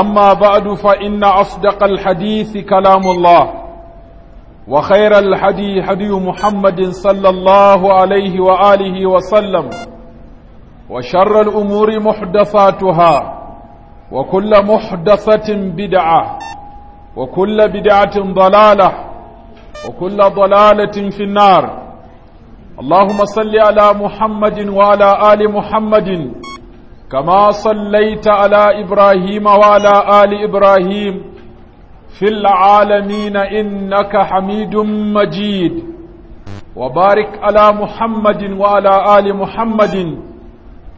أما بعد فإن أصدق الحديث كلام الله وخير الحدي حدي محمد صلى الله عليه وآله وسلم وشر الأمور محدثاتها وكل محدثة بدعة وكل بدعة ضلالة وكل ضلالة في النار اللهم صل على محمد وعلى آل محمد كما صليت على إبراهيم وعلى آل إبراهيم في العالمين إنك حميد مجيد وبارك على محمد وعلى آل محمد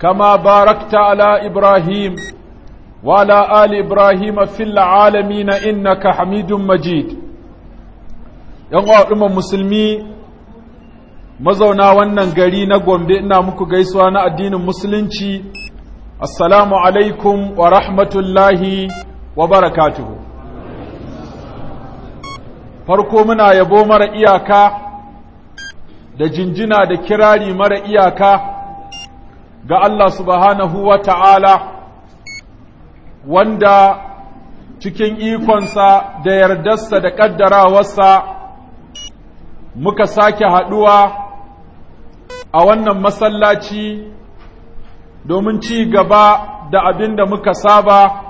كما باركت على إبراهيم وعلى آل إبراهيم في العالمين إنك حميد مجيد يقول أم المسلمين mazauna wannan gari na Gombe ina muku gaisuwa na addinin musulunci assalamu alaikum wa rahmatullahi wa barakatuhu farko muna yabo mara iyaka da jinjina da kirari mara iyaka ga Allah subhanahu wa ta'ala wanda cikin ikonsa da yardarsa da ƙaddarawarsa muka sake haɗuwa a wannan masallaci domin ci gaba da abin da muka saba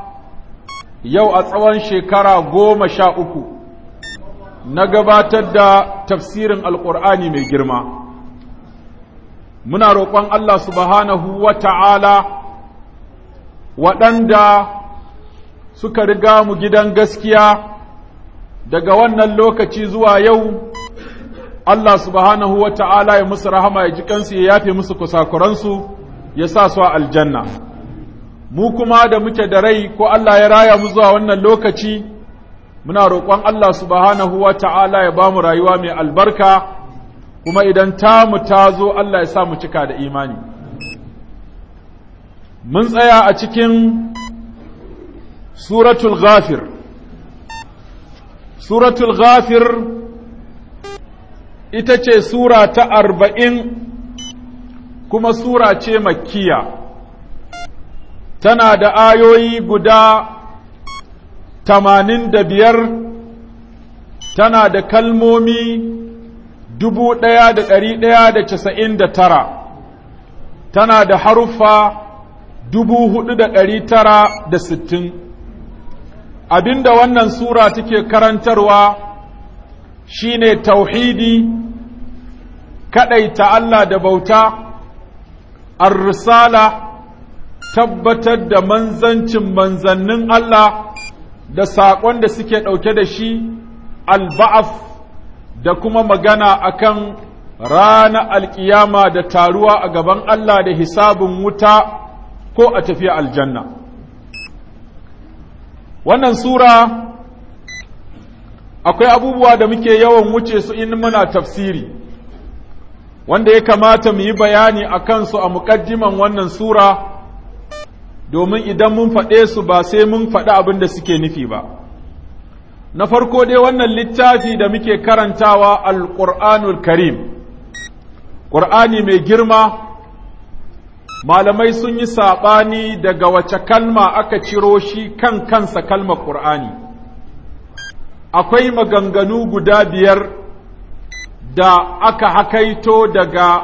yau a tsawon shekara goma sha uku na gabatar da tafsirin alƙur'ani mai girma muna roƙon Allah subhanahu wa ta'ala waɗanda suka riga mu gidan gaskiya daga wannan lokaci zuwa yau Allah subhanahu wa ta'ala ya musu rahama ya ji kansu ya yafe musu kusakuransu ya sa su a aljanna mu kuma da muke da rai ko Allah ya raya mu zuwa wannan lokaci muna roƙon Allah subhanahu wa ta'ala ya ba mu rayuwa mai albarka kuma idan ta mu ta zo Allah ya sa mu cika da imani mun tsaya a cikin suratul ghafir suratul ghafir ita ce sura ta arba'in kuma sura ce makkiya tana da ayoyi guda tamanin da biyar tana da kalmomi dubu ɗaya da ɗari ɗaya da casa'in da tara tana da haruffa dubu hudu da ɗari tara da sittin abinda wannan sura take karantarwa shine tauhidi kaɗaita Allah da bauta ar-risala tabbatar da manzancin manzannin Allah da saƙon da suke ɗauke da shi alba'af da kuma magana akan rana alƙiyama da taruwa a gaban Allah da hisabin wuta ko a tafiya aljanna wannan sura akwai abubuwa da muke yawan wuce su in muna tafsiri wanda ya kamata mu yi bayani a kansu a muƙaddiman wannan sura domin idan mun faɗe su ba sai mun faɗi abin da suke nufi ba na farko dai wannan littafi da muke karantawa alƙur'anul karim ƙur'ani mai girma malamai sun yi saɓani daga wace kalma aka ciro shi kan kansa kalmar ƙur'ani akwai maganganu guda biyar da aka hakaito daga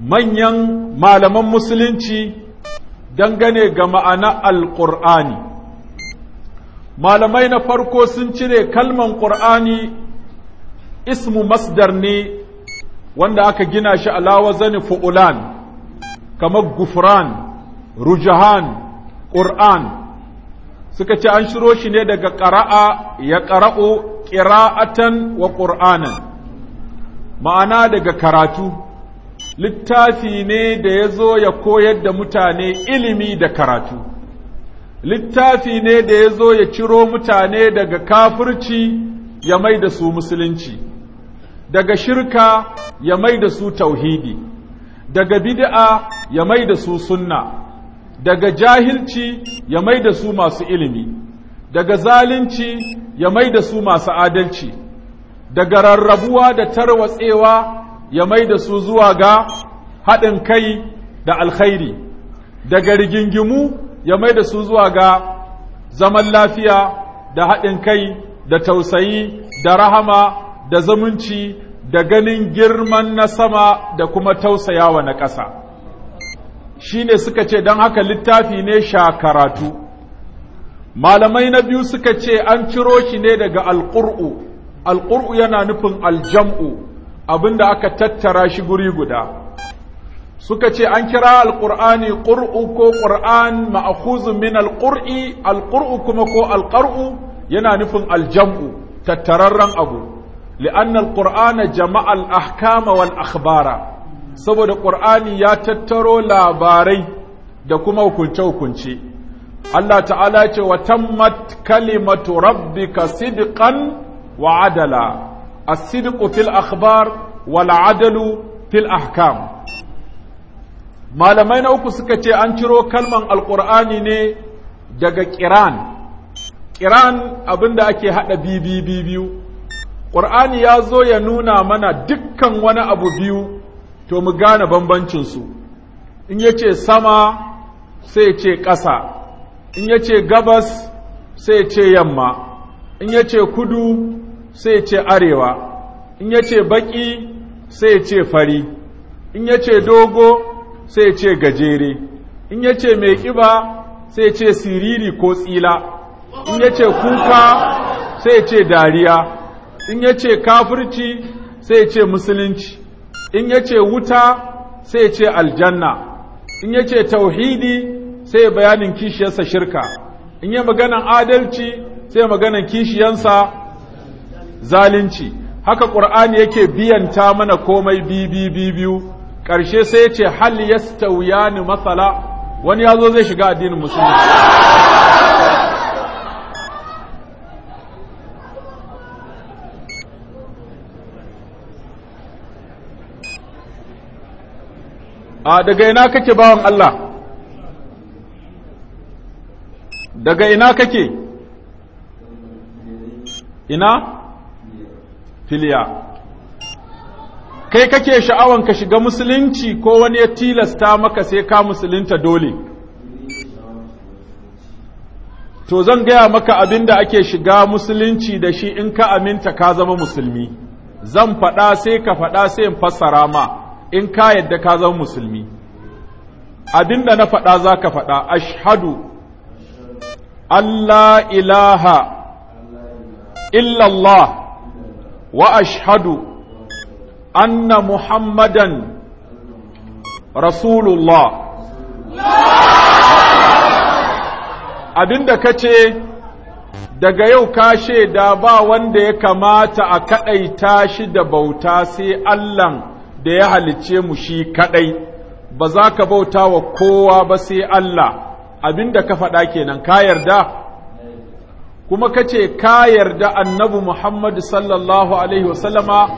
manyan malaman musulunci dangane ga ma'ana alƙur'ani malamai na farko sun cire kalman ƙur'ani ismu masdar ne wanda aka gina shi alawa zani fu'ulan kamar gufran rujahan ƙur'an suka ce an shiro shi ne daga ƙara'a ya ƙara'u ƙira'atan wa ƙur'anan ma'ana daga karatu littafi ne da ya zo ya koyar da mutane ilimi da karatu littafi ne da ya zo ya ciro mutane daga kafirci ya mai da su musulunci daga shirka ya mai da su tauhidi daga bid'a ya mai da su sunna daga jahilci ya mai da su masu ilimi daga zalunci ya mai da su masu adalci daga rarrabuwa da tarwatsewa ya mai da su zuwa ga haɗin kai da alkhairi daga rigingimu ya mai da su zuwa ga zaman lafiya da haɗin kai da tausayi da rahama da zumunci da ganin girman na sama da kuma tausayawa na ƙasa shi ne suka ce don haka littafi ne sha karatu malamai na biyu suka ce an ciro shi ne daga alƙur'u alƙur'u yana nufin aljam'u abinda aka tattara shi guri guda suka ce an kira alƙur'ani ƙur'u ko ƙur'an ma'akhuzun min alƙur'i alƙur'u kuma ko alƙar'u yana nufin aljam'u tattararren abu li'an ƙur'ana jama'al ahkama wal akhbara saboda ƙur'ani ya tattaro labarai da kuma hukunce-hukunce Allah ta'ala ce wa tammat kalimatu rabbika sidqan وعدلا الصدق fil الأخبار والعدل في الأحكام malamai na uku suka ce an ciro kalman Alƙur'ani ne daga ƙiran. Ƙiran, abin da ake haɗa bibi biyu ƙur'ani ya zo ya nuna mana dukkan wani abu biyu to mu gane bambancinsu in ya ce sama sai ce ƙasa in ya ce gabas sai ce yamma in ya ce kudu sai ce arewa in ya ce baƙi sai ce fari in ya ce dogo sai ce gajere in ya ce mai ƙiba sai ce siriri ko tsila in ya ce kuka sai ce dariya in ya ce kafirci sai ce musulunci in ya ce wuta sai ce aljanna in ya ce tauhidi sai bayanin kishiyarsa shirka in ya maganan adalci sai maganan kishiyansa zalunci haka qur'ani yake biyanta mana komai bi-bi-bi biyu karshe sai ya ce hal yastawiyani masala wani yazo zai shiga addinin musulunci a daga ina kake bawan Allah daga ina kake ina filiya kai kake sha'awan ka shiga musulunci ko wani ya tilasta maka sai ka musulunta dole to zan gaya maka abin da ake shiga musulunci da shi in ka aminta ka zama musulmi zan faɗa sai ka faɗa sai in fassara ma in ka yadda ka zama musulmi abin na faɗa za ka faɗa ashadu Allah ilaha illallah وأشهد أن محمدا رسول الله abinda ka ce daga yau ka da ba wanda ya kamata a kaɗaita shi da bauta sai allah da ya halicce mu shi kaɗai ba za ka bauta wa kowa ba sai Allah abinda ka faɗa kenan ka yarda kuma ka ce ka yarda annabi Muhammad sallallahu alaihi wasallama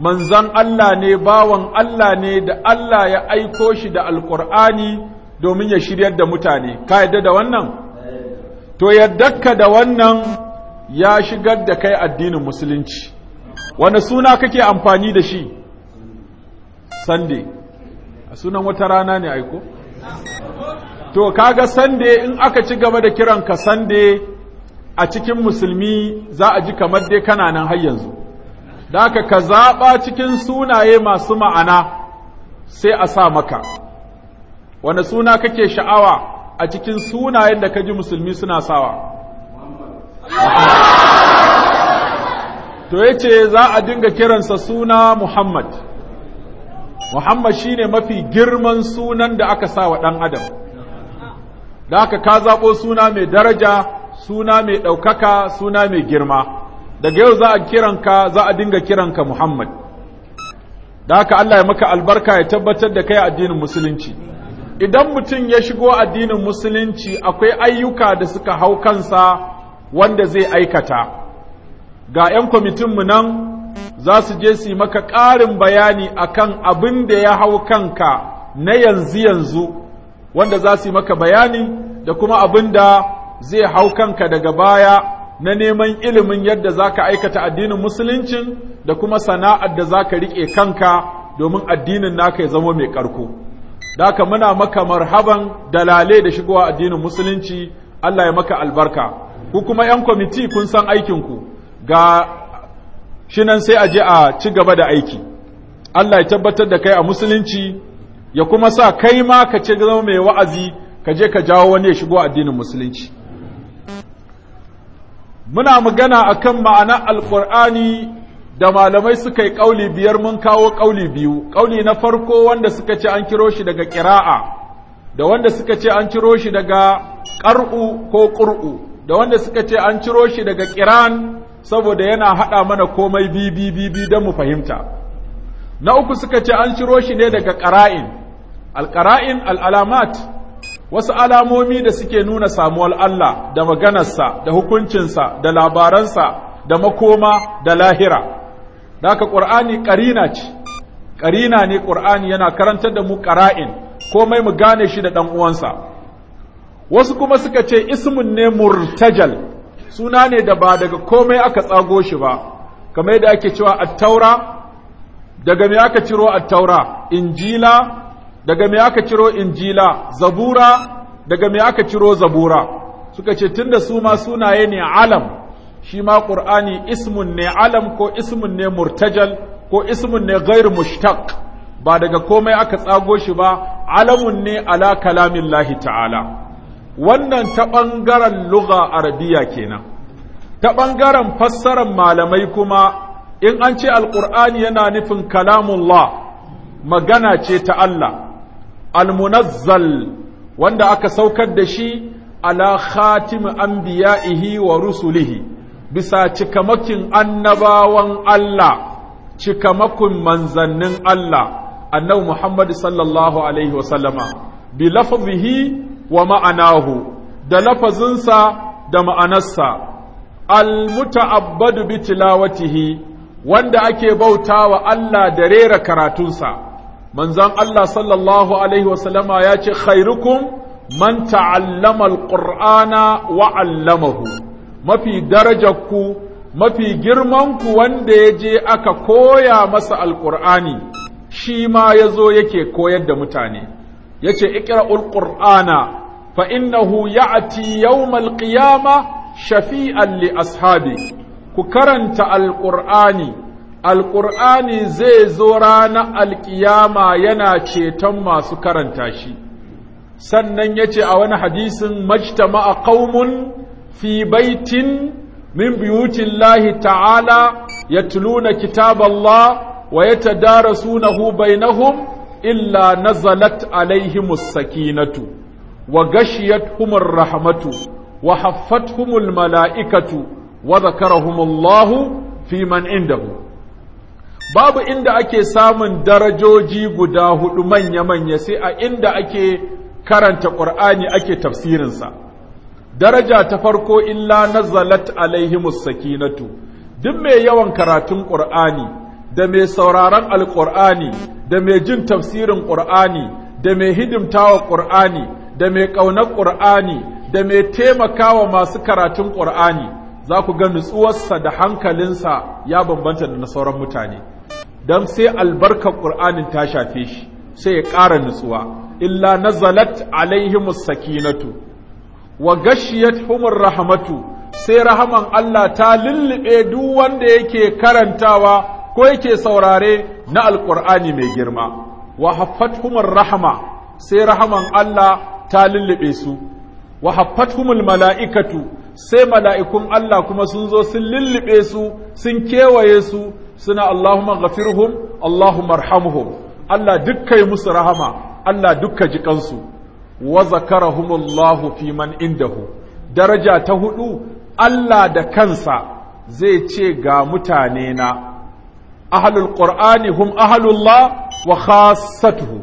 manzan Allah ne bawan Allah ne da Allah ya aiko shi da Alkur'ani domin ya shiryar da mutane ka yarda da wannan to yaddarka da wannan ya shigar da kai addinin musulunci wani suna kake amfani da shi Sande. a sunan wata rana ne aiko to kaga sande in aka ci gaba da kiranka sande? a cikin musulmi za a ji kamar dai kana nan har yanzu da haka ka zaɓa cikin sunaye masu ma'ana sai a sa maka wani suna kake sha'awa a cikin sunayen da ka ji musulmi suna sawa to ya ce za a dinga kiransa suna Muhammad. Muhammad shine mafi girman sunan da aka sa wa ɗan Adam. Da aka ka zaɓo suna mai daraja suna mai ɗaukaka suna mai girma daga yau za a kiranka za a dinga kiranka Muhammad da haka Allah ya maka albarka ya tabbatar da kai addinin musulunci idan mutum ya shigo addinin musulunci akwai ayyuka da suka hau kansa wanda zai aikata ga 'yan kwamitinmu nan za su je su yi maka ƙarin bayani akan abin da ya hau kanka na yanzu yanzu wanda za su yi maka bayani da kuma abin da zai hau kanka daga baya na neman ilimin yadda za ka aikata addinin musuluncin da kuma sana'ar da za ka riƙe kanka domin addinin naka ya zama mai ƙarko daka muna maka marhaban dalale da shigowa addinin musulunci Allah ya maka albarka ku kuma 'yan kwamiti kun san aikinku ga shi nan sai a je a ci gaba da aiki Allah ya tabbatar da kai a musulunci ya kuma sa kai ma ka ce zama mai wa'azi ka je ka jawo wani ya shigo addinin musulunci muna magana akan ma'ana alƙur'ani da malamai suka yi ƙauli biyar mun kawo ƙauli biyu ƙauli na farko wanda suka ce an kiro shi daga ƙira'a da wanda suka ce an ciro shi daga ƙar'u ko ƙur'u da wanda suka ce an ciro shi daga ƙiran saboda yana haɗa mana komai bibi-bibi don mu fahimta na uku suka ce an ciro shi ne daga ƙara'in alƙara'in al'alamat wasu alamomi da suke nuna samuwar Allah da maganarsa da hukuncinsa da labaransa da makoma da lahira da aka ƙur'ani ƙarina ce ƙarina ne ƙur'ani yana karantar da mu ƙara'in komai mu gane shi da ɗan uwansa wasu kuma suka ce ismun ne murtajal suna ne da ba daga komai aka tsago shi ba kamar yadda ake cewa attaura daga me aka ciro a attaura injila daga me aka ciro injila zabura daga me aka ciro zabura suka ce tunda su ma sunaye ne alam shi ma qur'ani ismun ne alam ko ismun ne murtajal ko ismun ne ghair mushtaq ba daga komai aka tsago shi ba alamun ne ala kalamin lahi ta'ala wannan ta ɓangaren lugha arabiya kenan ta ɓangaren fassarar malamai kuma in an ce alƙur'ani yana nufin kalamullah magana ce ta Allah almunazzal wanda aka saukar da shi ala an anbiya'ihi wa rusulihi bisa cikamakin annabawan Allah cikamakin manzannin Allah annabu Muhammad sallallahu alaihi wa sallama bi lafzihi wa ma'anahu da lafazinsa da ma'anarsa almuta'abbadu bi tilawatihi wanda ake bautawa Allah da rera karatunsa manzan Allah sallallahu alaihi wasallama ya ce khairukum man ta'allama alqur'ana wa 'allamahu mafi darajarku mafi girmanku wanda ya je aka koya masa alqur'ani shi ma yazo yake koyar da mutane yace iqra'ul ƙurana fa innahu ya'ati yawmal qiyama, shafi'an li ashabi ku karanta alqur'ani alƙur'ani zai zo ranar alƙiyama yana ceton masu karanta shi sannan ya ce a wani hadisin majtama a ƙaumun fi baitin min biyutin lahi ta'ala ya tuluna kitaballah wa ya tadarasunahu bainahum illa nazalat alaihimus sakinatu wa gashiyat humur rahmatu wa haffat humul mala'ikatu wa zakarahumullahu fi man indahu babu inda ake samun darajoji guda hudu manya-manya sai a inda ake karanta ƙur'ani ake tafsirinsa daraja ta farko illa nazalat alaihimus sakinatu duk mai yawan karatun ƙur'ani da mai sauraron alƙur'ani da mai jin tafsirin ƙur'ani da mai hidimtawa ƙur'ani da mai ƙaunar ƙur'ani da mai taimakawa masu karatun ƙur'ani za ku ga nutsuwarsa da hankalinsa ya bambanta da na sauran mutane don sai albarkar ƙur'anin ta shafe shi sai ya ƙara nutsuwa illa nazalat alaihimus sakinatu wa gashiyat humur rahmatu sai rahaman Allah ta lullube duk wanda yake karantawa ko yake saurare na alƙur'ani mai girma wa haffat humur rahma, sai rahaman Allah ta lullube su wa haffat humul mala'ikatu sai mala'ikun Allah kuma sun zo sun lullube su sun kewaye su suna Allahumma ghafirhum Allahumma arhamhum Allah dukka yi musu rahama Allah dukka ji kansu wa zakarahumullahu fi man indahu daraja ta hudu Allah da kansa zai ce ga mutane na ahlul qur'ani hum ahlullah wa khassatuhu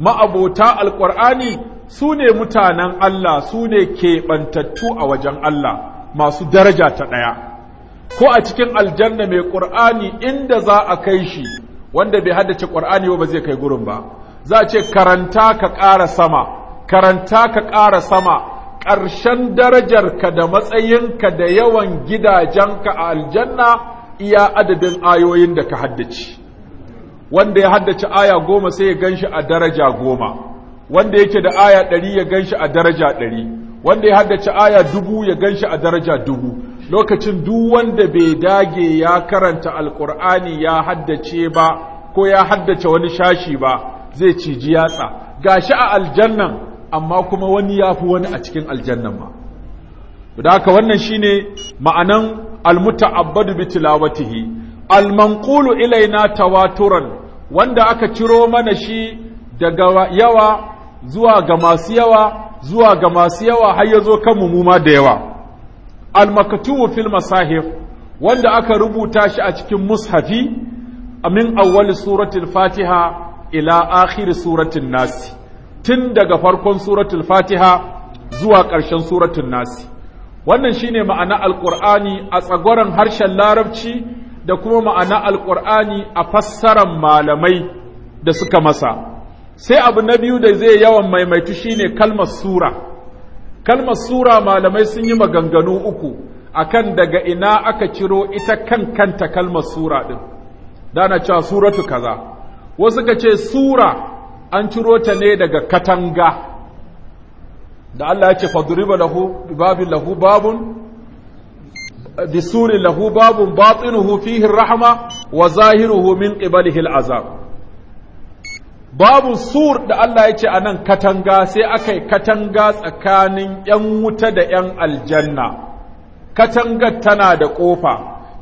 ma'abota alqur'ani sune mutanen Allah sune ne keɓantattu a wajen Allah masu daraja ta ɗaya ko a cikin aljanna mai ƙur'ani inda za a kai shi wanda bai haddace ƙur'ani ba zai kai gurin ba za a ce karanta ka ƙara sama karanta ka ƙara sama ƙarshen darajarka da matsayinka da yawan gidajenka a aljanna iya adadin ayoyin da ka haddace wanda ya haddace aya goma sai ya ganshi a daraja goma wanda yake da aya ɗari ya ganshi a daraja ɗari wanda ya haddace aya dubu ya ganshi a daraja dubu lokacin duk wanda bai dage ya karanta alkur'ani ya haddace ba ko ya haddace wani shashi ba zai ciji yatsa gashi a aljannan amma kuma wani yafi wani a cikin aljannan ma da haka wannan shine ma'anan almuta'abbadu bi tilawatihi almanqulu ilaina tawaturan wanda aka ciro mana shi daga yawa zuwa ga masu yawa zuwa ga masu yawa har ya zo kan mu ma da yawa al-maktubu fil masahif wanda aka rubuta shi a cikin mushafi min awwal suratul fatiha ila akhir suratul nas tun daga farkon suratul fatiha zuwa ƙarshen suratul nas wannan shine ma'ana alqur'ani a tsagoran harshen larabci da kuma ma'ana alqur'ani a fassaran malamai da suka masa sai abu na biyu da zai yawan maimaitu shine kalmar sura kalmar sura malamai sun yi maganganu uku akan daga ina aka ciro ita kan kanta kalmar sura ɗin dana cewa suratu kaza wasu ka ce sura an ciro ta ne daga katanga da Allah ya ce fadriba lahu babin lahu babun bisurin lahu babun batinuhu fihin rahma wa zahiruhu min qibalihi al'azab babu sur da Allah ya ce a nan katanga sai aka yi katanga tsakanin ‘yan wuta da ‘yan aljanna, katangar tana da ƙofa,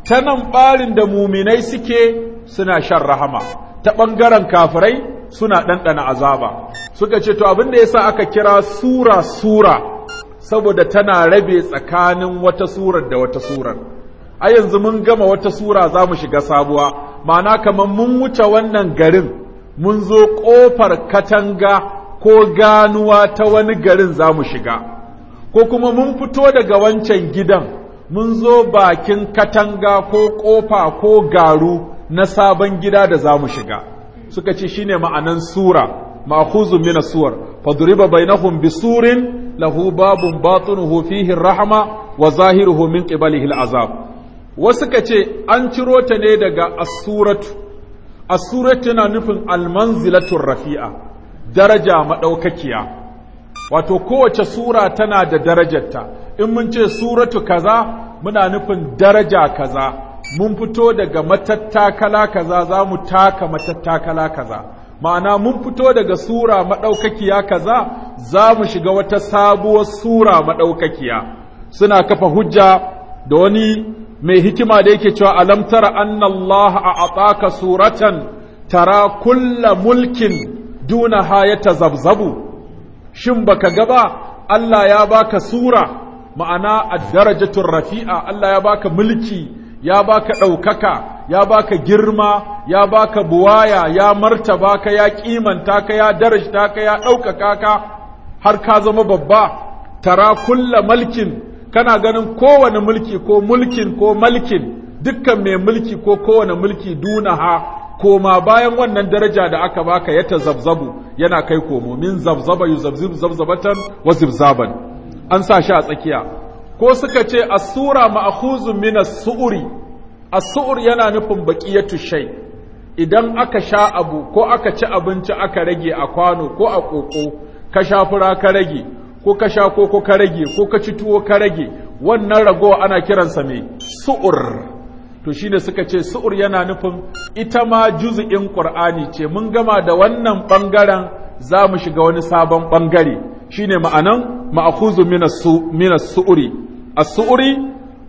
ta nan ɓarin da muminai suke suna shan rahama, ta ɓangaren kafirai suna ɗanɗana azaba. Suka ce, To abin da ya sa aka kira sura-sura, saboda tana rabe tsakanin wata surar da wata surar. A yanzu mun gama wata sura za mu shiga sabuwa, ma'ana kamar mun wuce wannan garin. mun zo ƙofar katanga ko ganuwa ta wani garin za mu shiga ko kuma mun fito daga wancan gidan mun zo bakin katanga ko ƙofa ko garu na sabon gida da za mu shiga suka ce shine ma'anan sura ma'khuzu min as-suwar fadriba bainahum bisurin lahu babun batinuhu fihi rahma wa zahiruhu min qibalihi al-azab wasu ka ce an ciro ta ne daga as-suratu asura tana nufin almanzilatun rafi'a daraja maɗaukakiya wato kowace sura tana da darajarta in mun ce suratu kaza muna nufin daraja kaza mun fito daga matattakala kaza za mu taka matattakala kaza ma'ana mun fito daga sura maɗaukakiya kaza za mu shiga wata sabuwar sura maɗaukakiya suna kafa hujja da wani mai hikima da yake cewa alam tara anna a ataka suratan tara kulla mulkin duna hayata zabzabu shin baka ga ba? Allah ya baka sura ma'ana ad-darajatur rafi'a Allah ya baka mulki ya baka daukaka ya baka girma ya baka buwaya ya martaba ka ya kimanta ka ya darajta ka ya daukaka ka har ka zama babba tara kulla mulkin kana ganin kowane mulki ko mulkin ko malkin dukkan mai mulki ko kowane mulki dunaha koma bayan wannan daraja da aka baka ya tazabzabu yana kai komo min zabzaba yuzabzib zabzabatan wa zibzaban an sa shi a tsakiya ko suka ce as-sura ma'khuzun min as-su'ri as-su'r yana nufin baqiyatu shay idan aka sha abu ko aka ci abinci aka rage a kwano ko a koko ka shafura ka rage ko ka sha ko ko ka rage ko ka ci tuwo ka rage wannan rago ana kiransa mai su'ur to shine suka ce su'ur yana nufin ita ma juz'in qur'ani ce mun gama da wannan bangaren za mu shiga wani sabon bangare shine ma'anan ma'khuzu min as-su'uri as-su'uri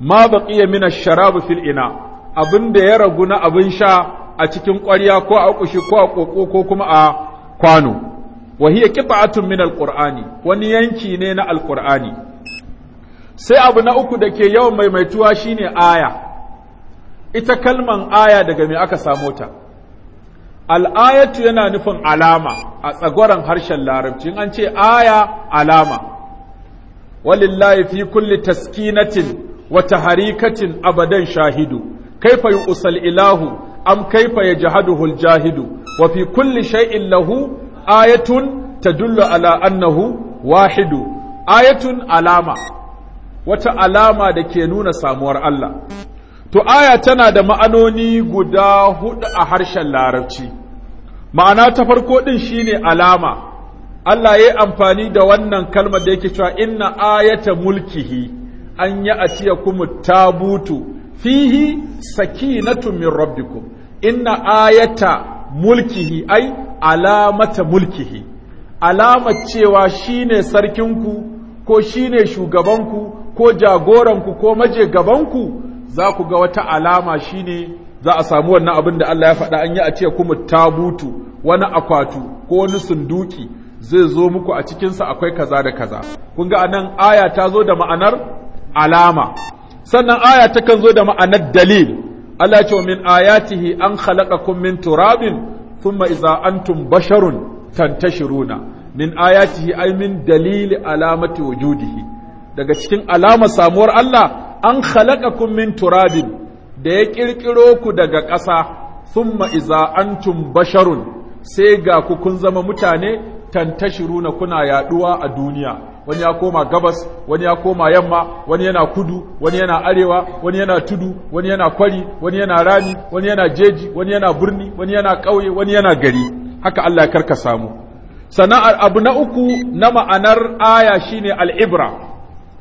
ma baqiya min ash-sharab fil ina abin da ya ragu na abin sha a cikin ƙwarya ko a ƙushi ko a ƙoƙo ko kuma a kwano wa hiya qita'atun min alqur'ani wani yanki ne na alqur'ani sai abu na uku da ke yawan maimaituwa shine aya ita kalman aya daga me aka samo ta al'ayatu yana nufin alama a tsagoran harshen larabci an ce aya alama walillahi fi kulli taskinatin wa taharikatin abadan shahidu kaifa yu'sal ilahu am kaifa yajhaduhu al-jahidu wa fi kulli shay'in lahu ayatun tadullu ala annahu wahidu ayatun alama wata alama da ke nuna samuwar Allah to aya tana da ma'anoni guda hudu a harshen larabci ma'ana ta farko din shine alama Allah ya yi amfani da wannan kalmar da yake cewa inna ayata mulkihi an ya'tiyakum tabutu fihi sakinatu min rabbikum inna ayata mulkihi ai alamata mulkihi alamar cewa shine sarkinku ko shine shugabanku ko jagoranku ko maje gabanku za ku ga wata alama shine za a samu wannan abin da Allah ya faɗa an yi a ce kuma tabutu wani akwatu ko wani sunduki zai zo muku a cikinsa akwai kaza da kaza kun ga anan aya ta zo da ma'anar alama sannan aya takan zo da ma'anar dalil Allah ya ce min ayatihi an khalaqakum min turabin ثم إذا أنتم basharun tantashiruna من آياته أي min dalili alamati وجوده daga cikin alamar samuwar Allah an khalaqakum min turabin da ya ƙirƙiro ku daga ƙasa thumma iza antum basharun sai ga ku kun zama mutane tantashiruna kuna yaduwa a duniya wani ya koma gabas wani ya koma yamma wani yana kudu wani yana arewa wani yana tudu wani yana kwari wani yana rani wani yana jeji wani yana birni wani yana ƙauye wani yana gari haka Allah ya karka samu sana'ar abu na uku na ma'anar aya shine al'ibra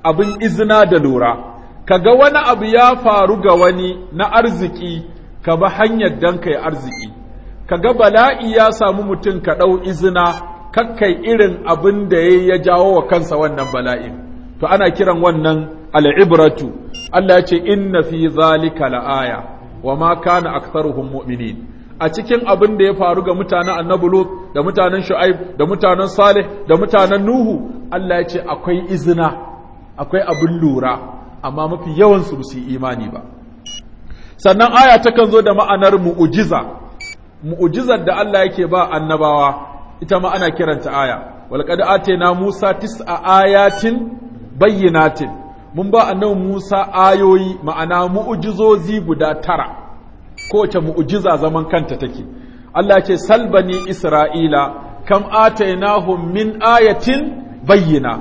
abin izina da lura kaga wani abu ya faru ga wani na arziki ka ba hanyar dan kai arziki kaga bala'i ya samu mutum ka ɗau izina kakkai irin abin da ya jawo wa kansa wannan bala'in to ana kiran wannan al'ibratu Allah ya ce inna fi zalika la'aya wa ma kana aktharuhum mu'minin a cikin abin da ya faru ga mutanen annabi lut da mutanen shu'aib da mutanen salih da mutanen nuhu Allah ya ce akwai izina akwai abin lura amma mafi yawan su su imani ba sannan aya takan zo da ma'anar mu'ujiza mu'ujizar da Allah yake ba annabawa ita ma ana kiranta aya walqad atayna musa tis'a ayatin bayyinatin mun ba annabi musa ayoyi ma'ana mu'jizozi guda tara Ko kowace mu'jiza zaman kanta take Allah ce salbani isra'ila kam atainahum min ayatin bayyina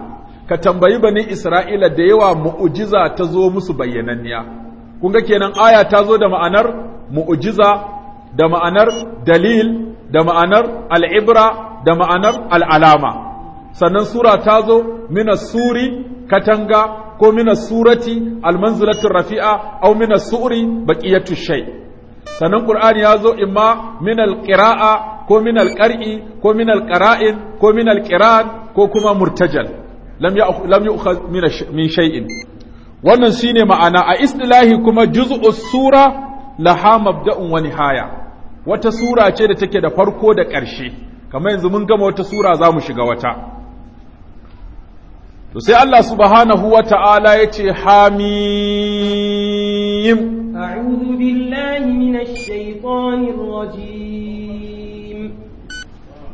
ka tambayi bani isra'ila da yawa mu'jiza ta zo musu bayyananniya kun ga kenan aya ta zo da ma'anar mu'jiza da ma'anar dalil da ma'anar al'ibra da ma'anar al'alama sannan sura ta zo minas suri katanga ko minas surati almanzilatun rafi'a au minas suri baqiyatu shai. sannan ƙur'ani ya zo imma minal qira'a ko minal qar'i ko minal qara'in ko minal qiran ko kuma murtajal lam ya lam min wannan shine ma'ana a istilahi kuma juz'us sura laha mabda'un wani haya. wata sura ce da take da farko da ƙarshe kamar yanzu mun gama wata sura za mu shiga wata to sai Allah subhanahu wa ta'ala ya ce hamim a'udhu billahi minash shaitanir rajim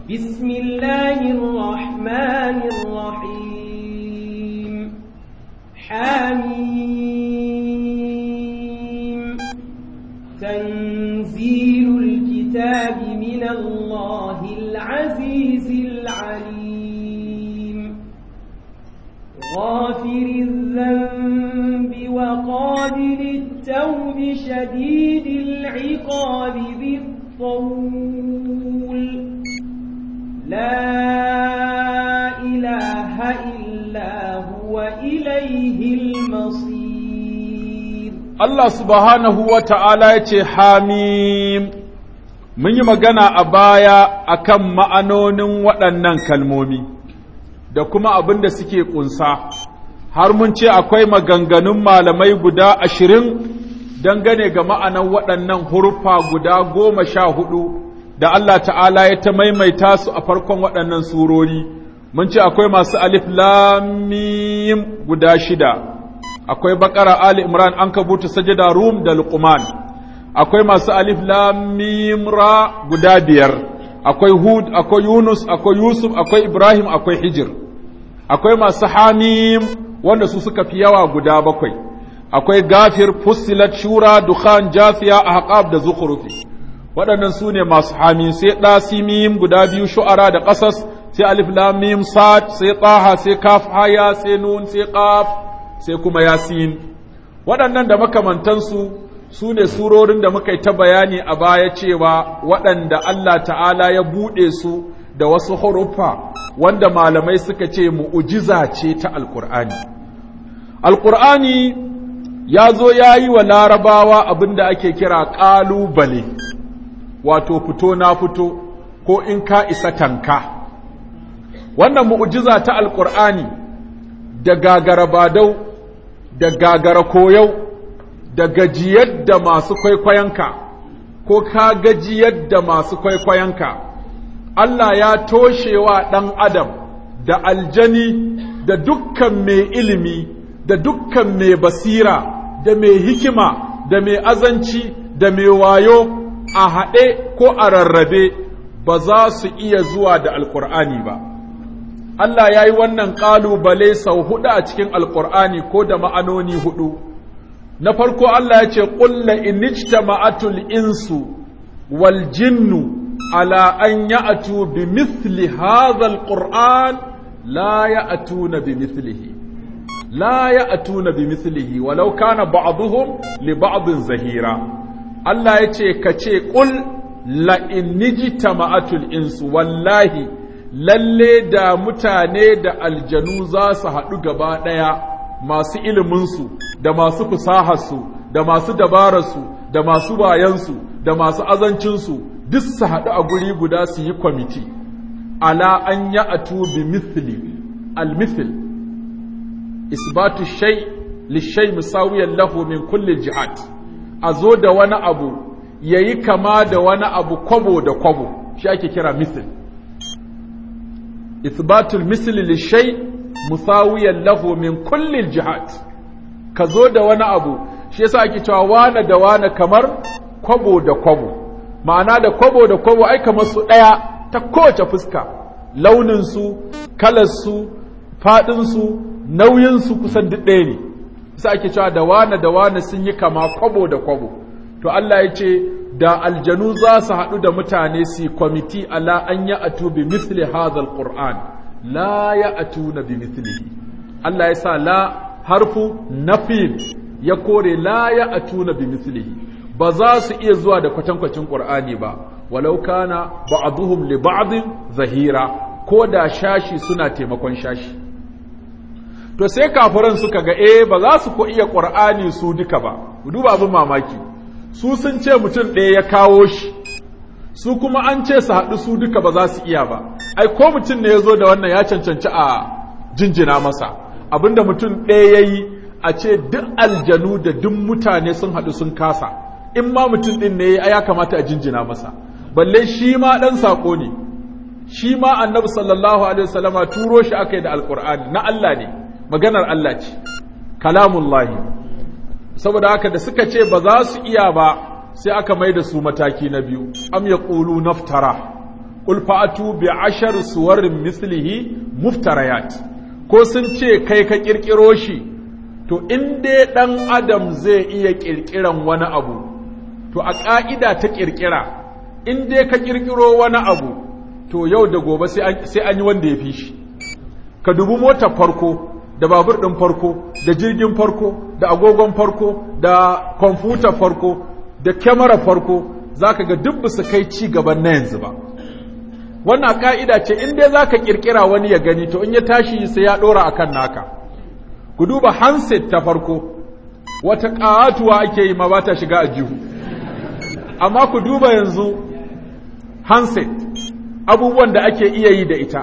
bismillahir rahmanir rahim hamim tanzil الكتاب من الله العزيز العليم غافر الذنب وقابل التوب شديد العقاب ذي الطول لا إله إلا هو إليه المصير الله سبحانه وتعالى ta'ala mun yi magana a baya akan ma'anonin waɗannan kalmomi da kuma abin da suke ƙunsa har mun ce akwai maganganun malamai guda ashirin dangane ga ma'anan waɗannan hurfa guda goma sha hudu da Allah ta'ala ya ta maimaita su a farkon waɗannan surori mun ce akwai masu alif lamim guda shida akwai bakara ali imran an kabuta sajada rum da luqman akwai masu alif guda biyar akwai hud akwai yunus akwai yusuf akwai ibrahim akwai hijir akwai masu hamim wanda su suka fi yawa guda bakwai akwai gafir fusilat shura dukhan jafiya, ahqab da zukhrufi waɗannan su ne masu hamim sai simim guda biyu shu'ara da ƙasas sai alif lamim sad sai taha sai kaf haya sai nun sai qaf sai kuma yasin waɗannan da makamantansu su ne surorin da muka yi ta bayani a baya cewa waɗanda Allah ta'ala ya buɗe su da wasu huruffa wanda malamai suka ce mu'ujiza ce ta alkur'ani alkur'ani ya zo ya yi wa larabawa abin da ake kira ƙalubale wato fito na fito ko in ka isa tanka wannan mu'ujiza ta alkur'ani da gagara badau da gagara koyau da gajiyar da masu kwaikwayonka ko ka gajiyar da masu kwaikwayonka Allah ya toshewa ɗan adam da aljani da dukkan mai ilimi da dukkan mai basira da mai hikima da mai azanci da mai wayo a haɗe ko a rarrabe ba za su iya zuwa da alƙur'ani ba Allah ya yi wannan ƙalubale sau huɗu a cikin alƙur'ani ko da ma'anoni huɗu na farko Allah ya ce ƙulla inijtama'atul insu wal jinnu ala an ya'tu bi mithli hadha alquran la ya'tuna bi mithlihi la ya'tuna bi mithlihi walau kana ba'dhum li ba'dhin zahira Allah ya ce kace qul la inijtama'atul insu wallahi lalle da mutane da aljanu za su haɗu gaba ɗaya masu iliminsu da masu fasaharsu da masu dabararsu da masu bayansu, da masu azancinsu duk su haɗu a guri guda su yi kwamiti ala an ya atu bi mithli al-mithl isbatu shay li shay musawiyan lahu min kulli jihad a zo da wani abu yayi kama da wani abu kwabo da kwabo shi ake kira mithl isbatul misli li musawiyan lahu min kullil jihad ka zo da wani abu shi yasa ake cewa wane da wana kamar kwabo da kwabo ma'ana da kwabo da kwabo ai kamar su daya ta kowace fuska launin su kalar su fadin su nauyin su kusan duk ɗaya ne sai ake cewa da wana da wana sun yi kama kwabo da kwabo to Allah ya ce da aljanu za su haɗu da mutane su kwamiti ala an yi atubi misli hadha qur'an la ya'tuna bi mithlihi Allah ya sa la harfu nafin ya kore la ya'tuna bi mithlihi ba za su iya zuwa da kwatankwacin Qur'ani ba walau kana a duhun ba'd zahira ko da shashi suna taimakon shashi to sai kafuran suka ga eh ba za su ko iya Qur'ani su duka ba duba abin mamaki su sun ce mutum ɗaya ya kawo shi su kuma an ce su haɗu su duka ba za su iya ba ai ko mutum ne ya zo da wannan ya cancanci a jinjina masa abinda mutum ɗaya ya yi a ce duk aljanu da duk mutane sun haɗu sun kasa in ma mutum ɗin ne ya kamata a jinjina masa balle shi ma ɗan saƙo ne shi ma annabi sallallahu alaihi wasallama turo shi aka yi da alƙur'ani na Allah ne maganar Allah ce kalamullahi saboda haka da suka ce ba za su iya ba sai aka mai da su mataki na biyu am yaqulu naftara ulfatu bi ashar suwarin mislihi muftarayat ko sun ce kai ka kirkiro shi to in dai dan adam zai iya kirkiran wani abu to a ka'ida ta kirkira in dai ka kirkiro wani abu to yau da gobe sai an yi wanda ya fi shi ka dubi motar farko da babur ɗin farko da jirgin farko da agogon farko da kwamfutar farko da kyamara farko za ka ga duk su kai ci gaban na yanzu ba wannan ka'ida ce in dai za ka kirkira wani ya gani to in ya tashi sai ya dora kan naka ku duba handset ta farko wata ƙatuwa ake yi ma ba ta shiga aljihu amma ku duba yanzu handset abubuwan da ake iya yi da ita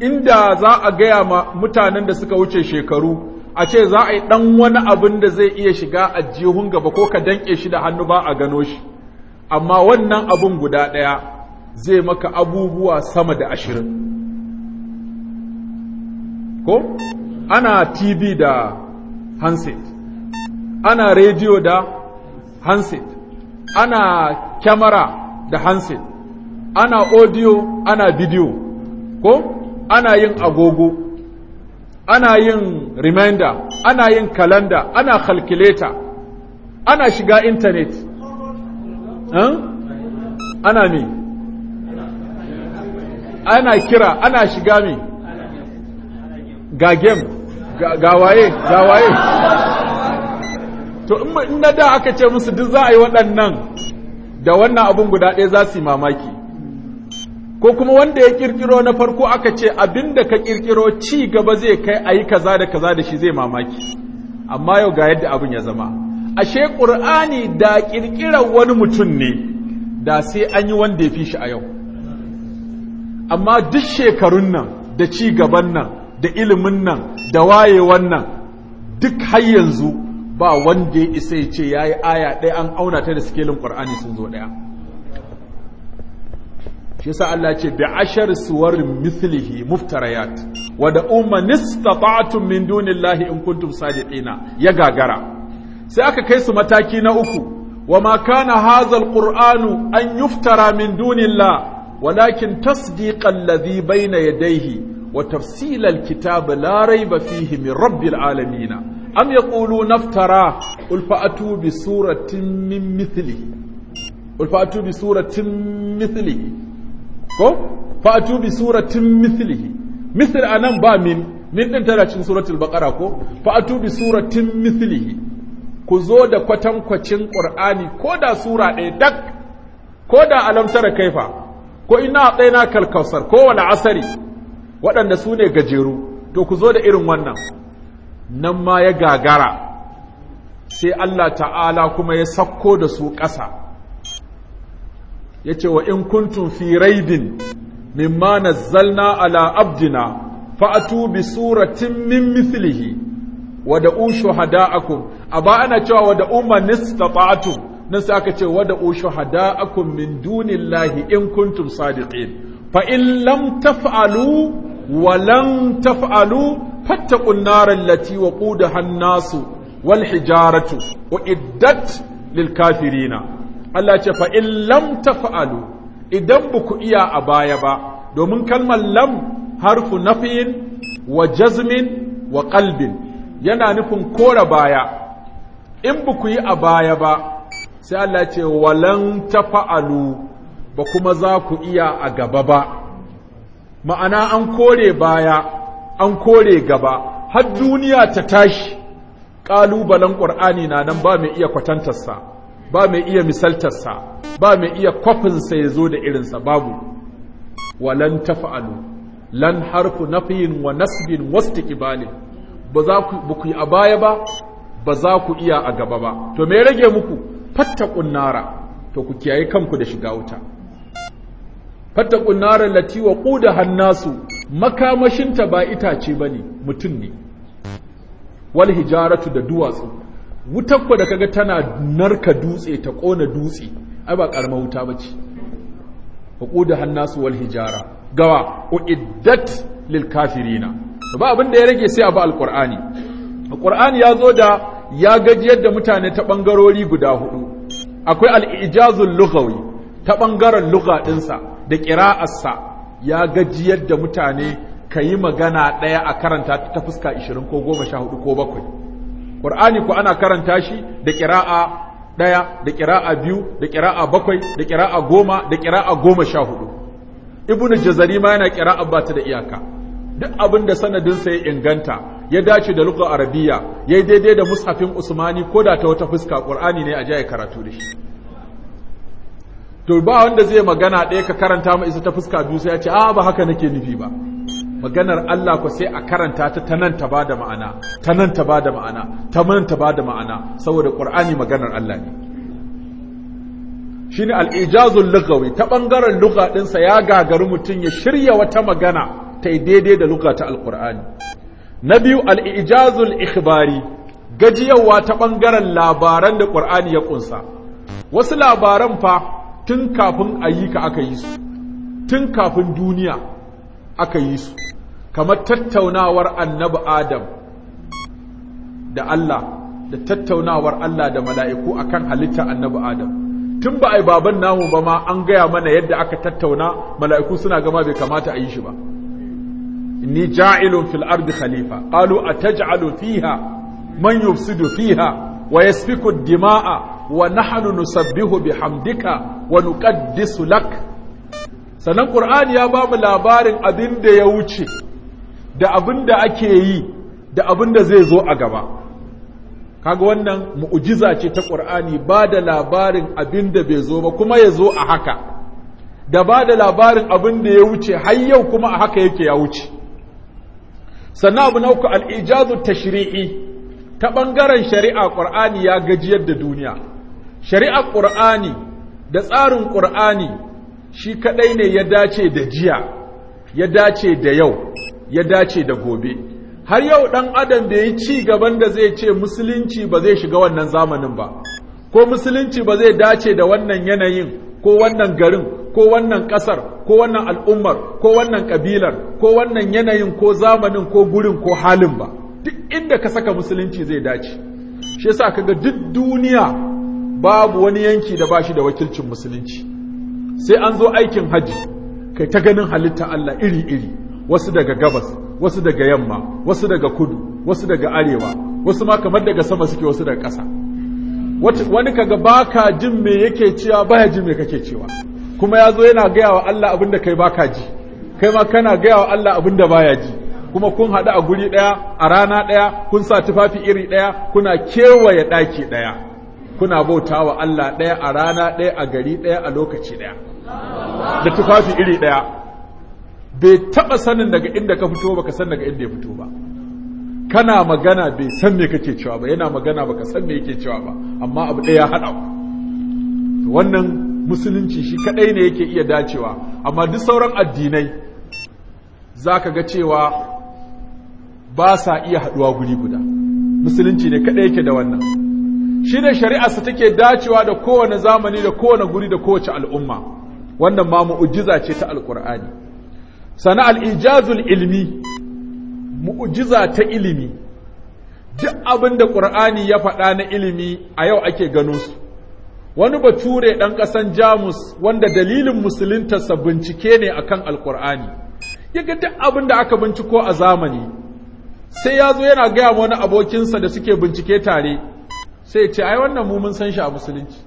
inda za a gaya ma mutanen da suka wuce shekaru a ce za a yi ɗan wani abin da zai iya shiga a jihun gaba ko ka danƙe shi da hannu ba a gano shi amma wannan abin guda ɗaya zai maka abubuwa sama da ashirin ko ana tv da handset ana rediyo da handset ana kyamara da handset ana audio ana bidiyo ko ana yin agogo ana yin reminder ana yin kalanda ana calculator ana shiga intanet ana me ana kira ana shiga ne. ga game ga waye ga waye to in na da aka ce musu duk za a yi waɗannan da wannan abun guda ɗaya za su yi mamaki ko kuma wanda ya ƙirƙiro na farko aka ce abin da ka ƙirƙiro ci gaba zai kai a yi kaza da kaza da shi zai mamaki amma yau ga yadda abin ya zama ashe ƙur'ani da kirkirar wani mutum ne da sai an yi wanda ya fi shi a yau amma duk shekarun nan da ci gaban nan da ilimin nan da wayewan nan duk har yanzu ba wanda ya isa ya ce ya yi aya ɗaya an auna ta da sikelin ƙwar'ani sun zo ɗaya shi sa Allah ce bi ashar suwar mithlihi muftarayat wa da umma tata'atun min dunillahi in kuntum sadiqina ya gagara sai aka kai su mataki na uku wa ma kana hazal qur'anu an yuftara min dunillahi walakin tasdiqan ladhi ya daihi wa tafsirar alkitaba larai rayba fihi min rabbil alamin am yaquluna naftara qul fa'atu bi suratin min mithlihi qul fa'atu bi suratin mithlihi ko fa'atu bi suratin mithlihi mithl anan ba min min din tana cikin suratul baqara ko fa'atu bi suratin mithlihi ku zo da kwatankwacin qur'ani ko da sura ɗaya dak ko da alamtara kaifa ko ina tsayina kalkausar ko wani asari waɗanda su ne gajeru to ku zo da irin wannan nan ma ya gagara sai Allah ta'ala kuma ya sakko da su ƙasa ya ce wa in kuntun fi raibin mimma nazzalna ala abdina fa'atu bi suratin min mithlihi wa da'u shuhada'akum aba ana cewa wa da'u man istata'tum nan sai aka ce wada ushu hada'akum min dunillahi in kuntum sadiqin fa in lam taf'alu wa lam taf'alu fattaqun nar allati waqudaha an nasu wal hijaratu uiddat lil kafirina Allah ce fa in lam taf'alu idan buku iya a baya ba domin kalmar lam harfu nafiyin wa jazmin wa qalbin yana nufin kora baya in buku yi a baya ba sai Allah ce walan tafa'alu ba kuma za ku iya a gaba ba ma'ana an kore baya an kore gaba har duniya ta tashi ƙalubalen ƙur'ani na nan ba mai iya kwatantarsa ba mai iya misaltarsa ba mai iya kwafinsa ya zo da irinsa babu walan tafa'alu lan harfu nafiyin wa nasbin wasu ba za ku yi a baya ba ba za ku iya a gaba ba to me rage muku Fatta nara to ku kiyaye kanku da shiga wuta Fatta nara lati wa qudaha hannasu makamashinta ba itace bane mutum ne wal hijaratu da duwatsu wutar ku da kaga tana narka dutse ta kona dutse ai ba karamar wuta bace wa qudaha hannasu wal hijara gawa uiddat lil kafirina ba abin da ya rage sai abu alqur'ani alqur'ani ya zo da ya gajiyar da mutane ta ɓangarori guda hudu akwai al'ijazun lughawi ta ɓangaren luga da ƙira'arsa ya gajiyar da mutane ka yi magana ɗaya a karanta ta fuska 20 ko 14 ko 7 ƙur'ani ku ana karanta shi da ƙira'a ɗaya da ƙira'a biyu da ƙira'a bakwai da ƙira'a goma da ƙira'a goma sha hudu ibnu jazari ma yana ƙira'a ba ta da iyaka duk abin da sanadinsa ya inganta ya dace da lugar arabiya ya daidai da mushafin usmani ko da ta wata fuska ƙwar'ani ne a jiya ya karatu da shi to ba wanda zai magana ɗaya ka karanta ma isa ta fuska biyu sai ya ce a ba haka nake nufi ba maganar Allah ko sai a karanta ta tanan ta bada ma'ana tanan ta bada ma'ana tanan ta bada ma'ana saboda Qur'ani maganar Allah ne shine al-ijazul lughawi ta bangaren lugha din sa ya gagaru mutun ya shirya wata magana ta daidai da lugha ta al-Qur'ani na biyu al'ijazul ikhbari gajiyawa ta ɓangaren labaran da ƙur'ani ya ƙunsa wasu labaran fa tun kafin ayyuka aka yi su tun kafin duniya aka yi su kamar tattaunawar annabi adam da Allah da tattaunawar Allah da mala'iku akan halitta annabi adam tun ba a yi baban namu ba ma an gaya mana yadda aka tattauna mala'iku suna gama bai kamata a yi shi ba inni ja'ilun fil ardi khalifa qalu ataj'alu fiha man yufsidu fiha wa yasfiku ad-dima'a wa nahnu nusabbihu bihamdika wa nuqaddisu lak sanan qur'ani ya ba labarin abin da ya wuce da abin da ake yi da abin da zai zo a gaba kaga wannan mu'jiza ce ta qur'ani ba da labarin abin da bai zo ba kuma ya zo a haka da ba da labarin abin da ya wuce har yau kuma a haka yake ya wuce sannan abu na uku al'ijazu ta ɓangaren shari'a ƙur'ani ya gajiyar da duniya shari'a ƙur'ani da tsarin ƙur'ani shi kaɗai ne ya dace da jiya ya dace da yau ya dace da gobe har yau ɗan adam da ya ci gaban da zai ce musulunci ba zai shiga wannan zamanin ba ko musulunci ba zai dace da wannan yanayin ko wannan garin ko wannan ƙasar ko wannan al'ummar ko wannan ƙabilar ko wannan yanayin ko zamanin ko gurin ko halin ba duk inda ka saka musulunci zai dace shi yasa kaga duk duniya babu wani yanki da bashi da wakilcin musulunci sai an zo aikin haji kai ta ganin halitta Allah iri-iri wasu daga gabas wasu daga yamma wasu daga kudu wasu daga arewa wasu ma kamar daga sama suke wasu daga ƙasa wani kaga baka jin me yake cewa baya jin me kake cewa kuma ya zo yana gaya wa Allah abin da kai baka ji kai ma kana gaya wa Allah abin da baya ji kuma kun haɗu a guri ɗaya a rana ɗaya kun sa tufafi iri ɗaya kuna kewaye ɗaki ɗaya kuna bauta wa Allah ɗaya a rana ɗaya a gari ɗaya a lokaci ɗaya da tufafi iri ɗaya bai taɓa sanin daga inda ka fito ba ka san daga inda ya fito ba kana magana bai san me kake cewa ba yana magana baka san me yake cewa ba amma abu ɗaya haɗa wannan musulunci shi kadai ne yake iya dacewa amma duk sauran addinai zaka ga cewa ba sa iya haduwa guri guda musulunci ne kadai yake da wannan shi ne su take dacewa da kowane zamani da kowane guri da kowace al'umma wannan ma mu'ujiza ce ta alkur'ani sana al'ijazul ilmi mu'ujiza ta ilimi duk abin da ƙur'ani ya faɗa na ilimi a yau ake ganin su wani bature ɗan ƙasan jamus wanda dalilin musuluntarsa bincike ne a kan alkur'ani ya ga duk abin da aka binciko a zamani sai ya zo yana gaya wani abokinsa da suke bincike tare sai ce ai wannan mu mun san shi a musulunci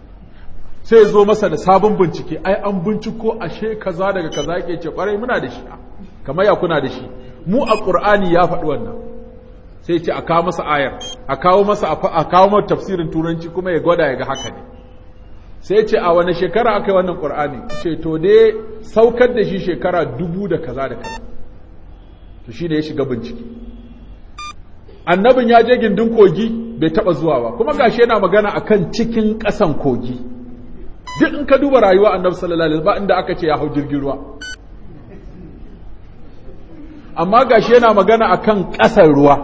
sai zo masa da sabon bincike ai an binciko ashe kaza daga kaza yake ce kwarai muna da shi kamar ya kuna da shi mu a qur'ani ya faɗi wannan sai ce a kawo masa ayar a kawo masa a kawo masa tafsirin turanci kuma ya gwada ya ga haka ne sai ce a wani shekara aka yi wannan ƙur'ani ce to dai saukar da shi shekara dubu da kaza da kaza to shi ne ya shiga bincike annabin ya je gindin kogi bai taɓa zuwa ba kuma gashi yana magana akan cikin ƙasan kogi duk in ka duba rayuwa annabi sallallahu alaihi inda aka ce ya hau jirgin ruwa amma gashi yana magana akan kan ƙasar ruwa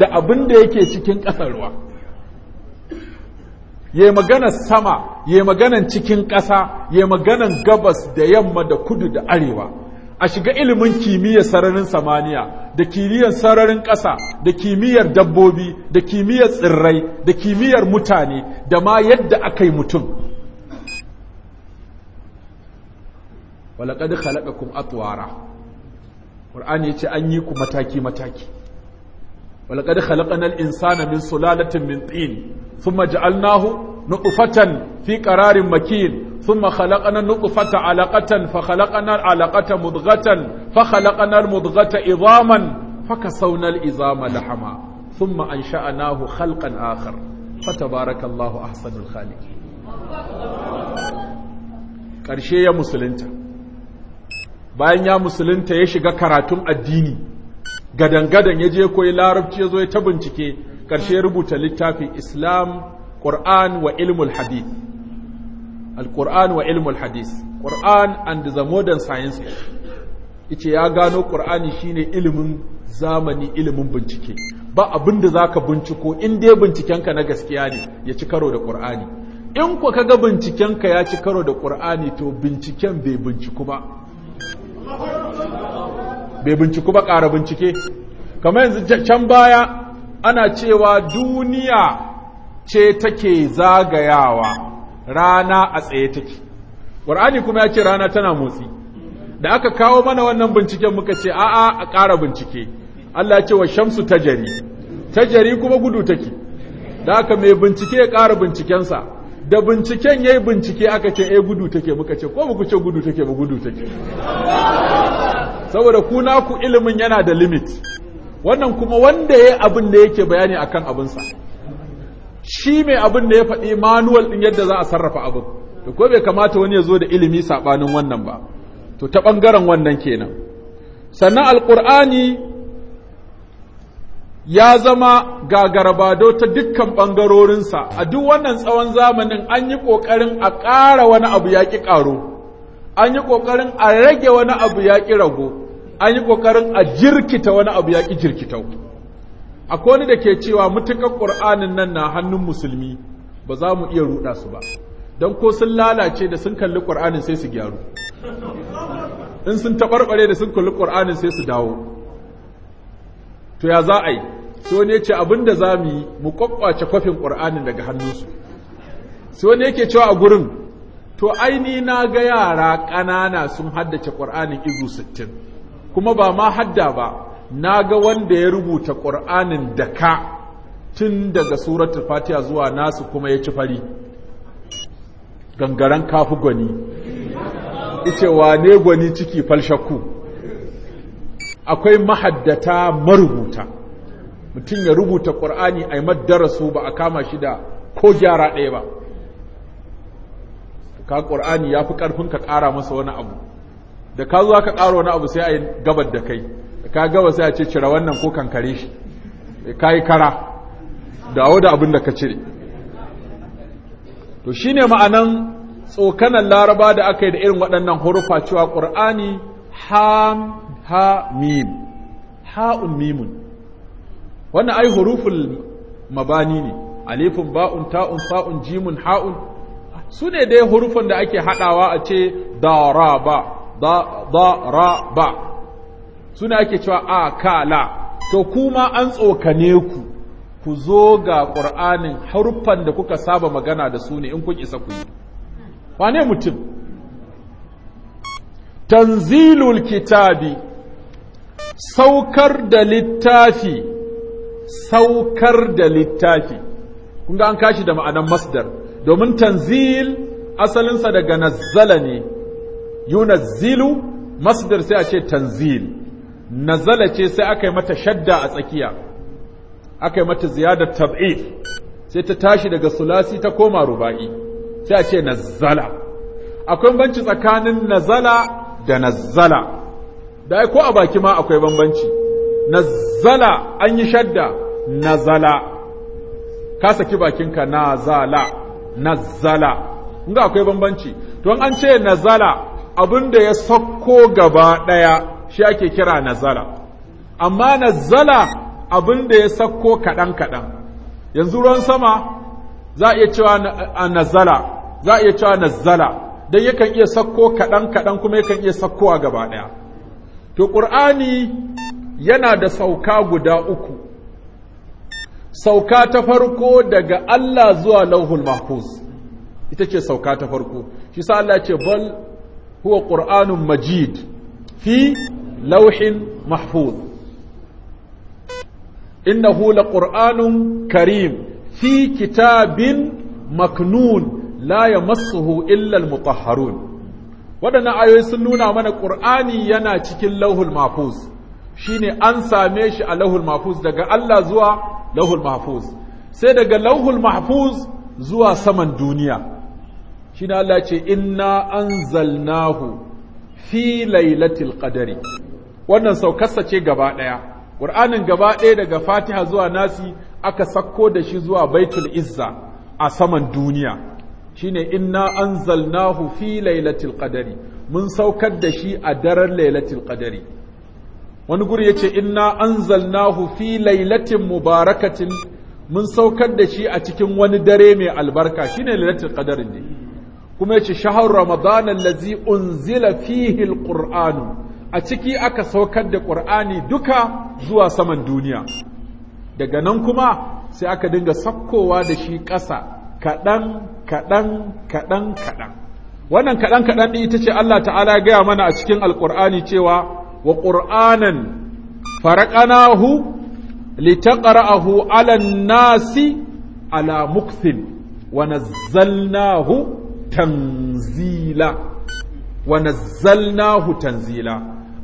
da abin da yake cikin ƙasar ruwa ya maganar sama ya maganar cikin ƙasa ya maganar gabas da yamma da kudu da arewa a shiga ilimin kimiyyar sararin samaniya da kimiyyar sararin ƙasa da kimiyyar dabbobi da kimiyyar tsirrai da kimiyyar mutane da ma yadda aka yi mutum walaƙadu kuma atuwara ƙur'ani ya ce an yi ku mataki-mataki walaqad khalaqnal insana min sulalatin min tin thumma ja'alnahu nutfatan fi qararin makin thumma khalaqna nutfata alaqatan fa khalaqna alaqata mudghatan fa khalaqna almudghata idhaman fakasawna alizama lahama thumma ansha'nahu khalqan akhar fatabarakallahu ahsanul khaliqin ya musulunta bayan ya musulunta ya shiga karatun addini gadan-gadan ya je koyi larabci ya zo ya ta bincike ƙarshe rubuta littafi islam ƙur'an wa ilmul hadith al wa ilmul hadith Qur'an and the modern science ice ya gano ƙur'ani shine ilimin zamani ilimin bincike ba abin da za binciko in dai bincikenka na gaskiya ne ya ci karo da ƙur'ani in ku kaga bincikenka ya ci karo da ƙur'ani to binciken bai binciku ba bai binciku ba ƙara bincike kamar yanzu can baya ana cewa duniya ce take zagayawa rana a tsaye take ƙur'ani kuma ya ce rana tana motsi da aka kawo mana wannan binciken muka ce a'a a ƙara bincike Allah ce wa shamsu tajari tajari kuma gudu take da aka mai bincike ya ƙara bincikensa da binciken ya yi bincike aka ce eh gudu take muka ce ko muku ce gudu take ba gudu take saboda ku naku ilimin yana da limit wannan kuma wanda ya abin da yake bayani akan abinsa shi mai abin da ya faɗi manual ɗin yadda za a sarrafa abin da ko bai kamata wani ya zo da ilimi saɓanin wannan ba to ta ɓangaren wannan kenan sannan alƙur'ani ya zama gagarabado ta dukkan ɓangarorinsa a duk wannan tsawon zamanin an yi ƙoƙarin a ƙara wani abu ya ƙi ƙaro an yi ƙoƙarin a rage wani abu ya ƙi rago an yi ƙoƙarin a jirkita wani abu ya ƙi jirkitau akwai wani da ke cewa mutuƙar ƙur'anin nan na hannun musulmi ba za mu iya ruɗa su ba don ko sun lalace da sun kalli ƙur'anin sai su gyaru in sun taɓarɓare da sun kalli ƙur'anin sai su dawo to ya za a yi so ne ce abin da za mu yi mu ƙwaƙwace kwafin ƙur'anin daga hannunsu so ne yake cewa a gurin to aini na ga yara ƙanana sun haddace ƙur'anin izu sittin kuma ba ma hadda ba na ga wanda ya rubuta ƙur'anin daka ka tun daga suratul fatiha zuwa nasu kuma ya ci fari gangaren kafu gwani ice ne gwani ciki falshakku akwai mahaddata marubuta mutum ya rubuta ƙur'ani a yi madarasu ba a kama shi da ko gyara ɗaya ba ka ƙur'ani ya fi ƙarfin ka ƙara masa wani abu da ka zuwa ka ƙara wani abu sai a yi gabar da kai ka gaba sai a ce cire wannan ko kankare shi ka yi kara dawo da abin da ka cire to shine ma'anan tsokanan laraba da aka yi da irin waɗannan hurufa cewa ƙur'ani ham ha mim ha'un mimun wannan ai huruful mabani ne alifun ba'un ta'un sa'un jimun ha'un su ne dai hurufan da ake haɗawa a ce daraba daraba su ne ake cewa kala. to kuma an tsokane ku ku zo ga ƙur'anin haruffan da kuka saba magana da su ne in kun isa ku yi wane mutum tanzilul kitabi saukar da littafi saukar da littafi kun ga an kashi da ma'anan masdar domin tanzil asalinsa daga Nazala ne yunazzilu masdar sai a ce tanzil nazala ce sai aka yi mata shadda a tsakiya aka yi mata ziyadar tab'id sai ta tashi daga sulasi ta koma ruba'i sai a ce nazzala akwai banci tsakanin nazala da Nazala. da ai ko a baki ma akwai bambanci Nazala an yi shadda nazala ka saki bakinka nazala nazala inga akwai bambanci to an ce nazala da ya sakko gaba daya shi ake kira nazala amma nazala abinda ya sakko kadan kadan yanzu ruwan sama za iya cewa nazala za iya cewa nazala dan yakan iya sakko kadan kadan kuma yakan iya sakko a gaba daya to qur'ani yana da sauka guda uku sauka ta farko daga Allah zuwa lauhul mahfuz ita ce sauka ta farko shi sa Allah ce bal huwa qur'anun majid fi lauhin mahfuz innahu laqur'anun karim fi kitabin maknun la yamassuhu illa almutahharun waɗannan ayoyi sun nuna mana ƙur'ani yana cikin lauhul mahfuz shine an same shi a lauhul mahfuz daga Allah zuwa lauhul mahfuz sai daga lauhul mahfuz zuwa saman duniya shi ne Allah ce inna anzalnahu fi lailatul qadari wannan saukarsa ce gaba ɗaya ƙur'anin gaba ɗaya daga fatiha zuwa nasi aka sakko da shi zuwa baitul izza a saman duniya shine inna anzalnahu fi lailatul qadari mun saukar da shi a daren lailatul qadari wani guri ya ce inna anzalnahu fi lailatin mubarakatin mun saukar da shi a cikin wani dare mai albarka shine lailatul qadar ne kuma ya ce shahar ramadan allazi unzila fihi alqur'anu a ciki aka saukar da qur'ani duka zuwa saman duniya daga nan kuma sai aka dinga sakkowa da shi ƙasa kaɗan kaɗan kaɗan kaɗan wannan kaɗan kaɗan ɗin ita ce Allah ta'ala ya gaya mana a cikin alƙur'ani cewa wa ƙur'anan faraƙanahu litaqra'ahu 'ala an-nasi 'ala mukthin wa nazzalnahu tanzila wa nazzalnahu tanzila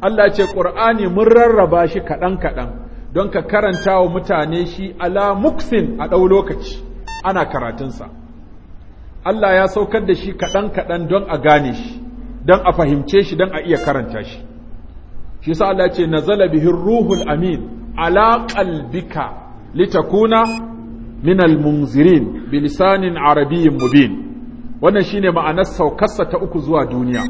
Allah ce ƙur'ani mun rarraba shi kaɗan kaɗan don ka karanta wa mutane shi ala muksin a ɗau lokaci ana karatunsa Allah ya saukar da shi kaɗan kaɗan don a gane shi don a fahimce shi don a iya karanta shi shi sa Allah ce nazala bihin ruhul amin ala qalbika litakuna minal munzirin bilisanin arabiyyin mubin wannan shine ma'anar saukarsa ta uku zuwa duniya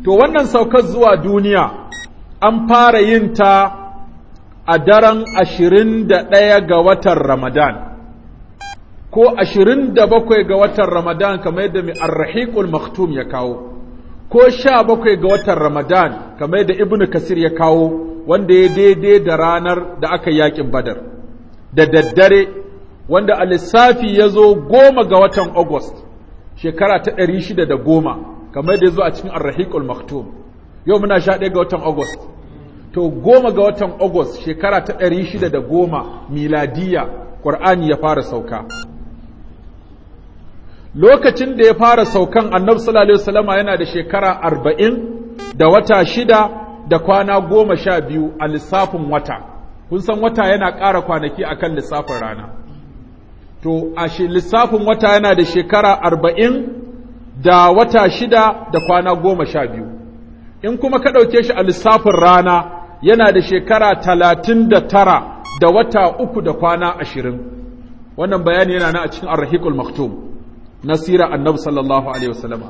to wannan saukar zuwa duniya an fara yin ta a daren ashirin da ɗaya ga watan Ramadan, ko ashirin da bakwai ga watan Ramadan kamar yadda mai arrahiƙul maktum ya kawo, ko sha bakwai ga watan Ramadan kamar da Ibn Kasir ya kawo wanda ya daidai da ranar da aka yakin Badar da daddare wanda a lissafi ya zo goma ga watan August shekara ta ɗari shida da goma kamar da ya zo a cikin Arrahiqul Maktum yau muna sha ɗaya ga watan August to goma ga watan August shekara ta ɗari shida da goma miladiya Ƙur'ani ya fara sauka lokacin da ya fara saukan annabi sallallahu alaihi wasallama yana da shekara arba'in da wata shida da kwana goma sha biyu a lissafin wata kun san wata yana ƙara kwanaki akan lissafin rana to a lissafin wata yana da shekara arba'in da wata shida da kwana goma sha biyu in kuma ka ɗauke shi a lissafin rana yana da shekara talatin da tara da wata uku da kwana ashirin wannan bayani yana na a cikin arhikul maktum na sira annabi sallallahu alaihi wasallam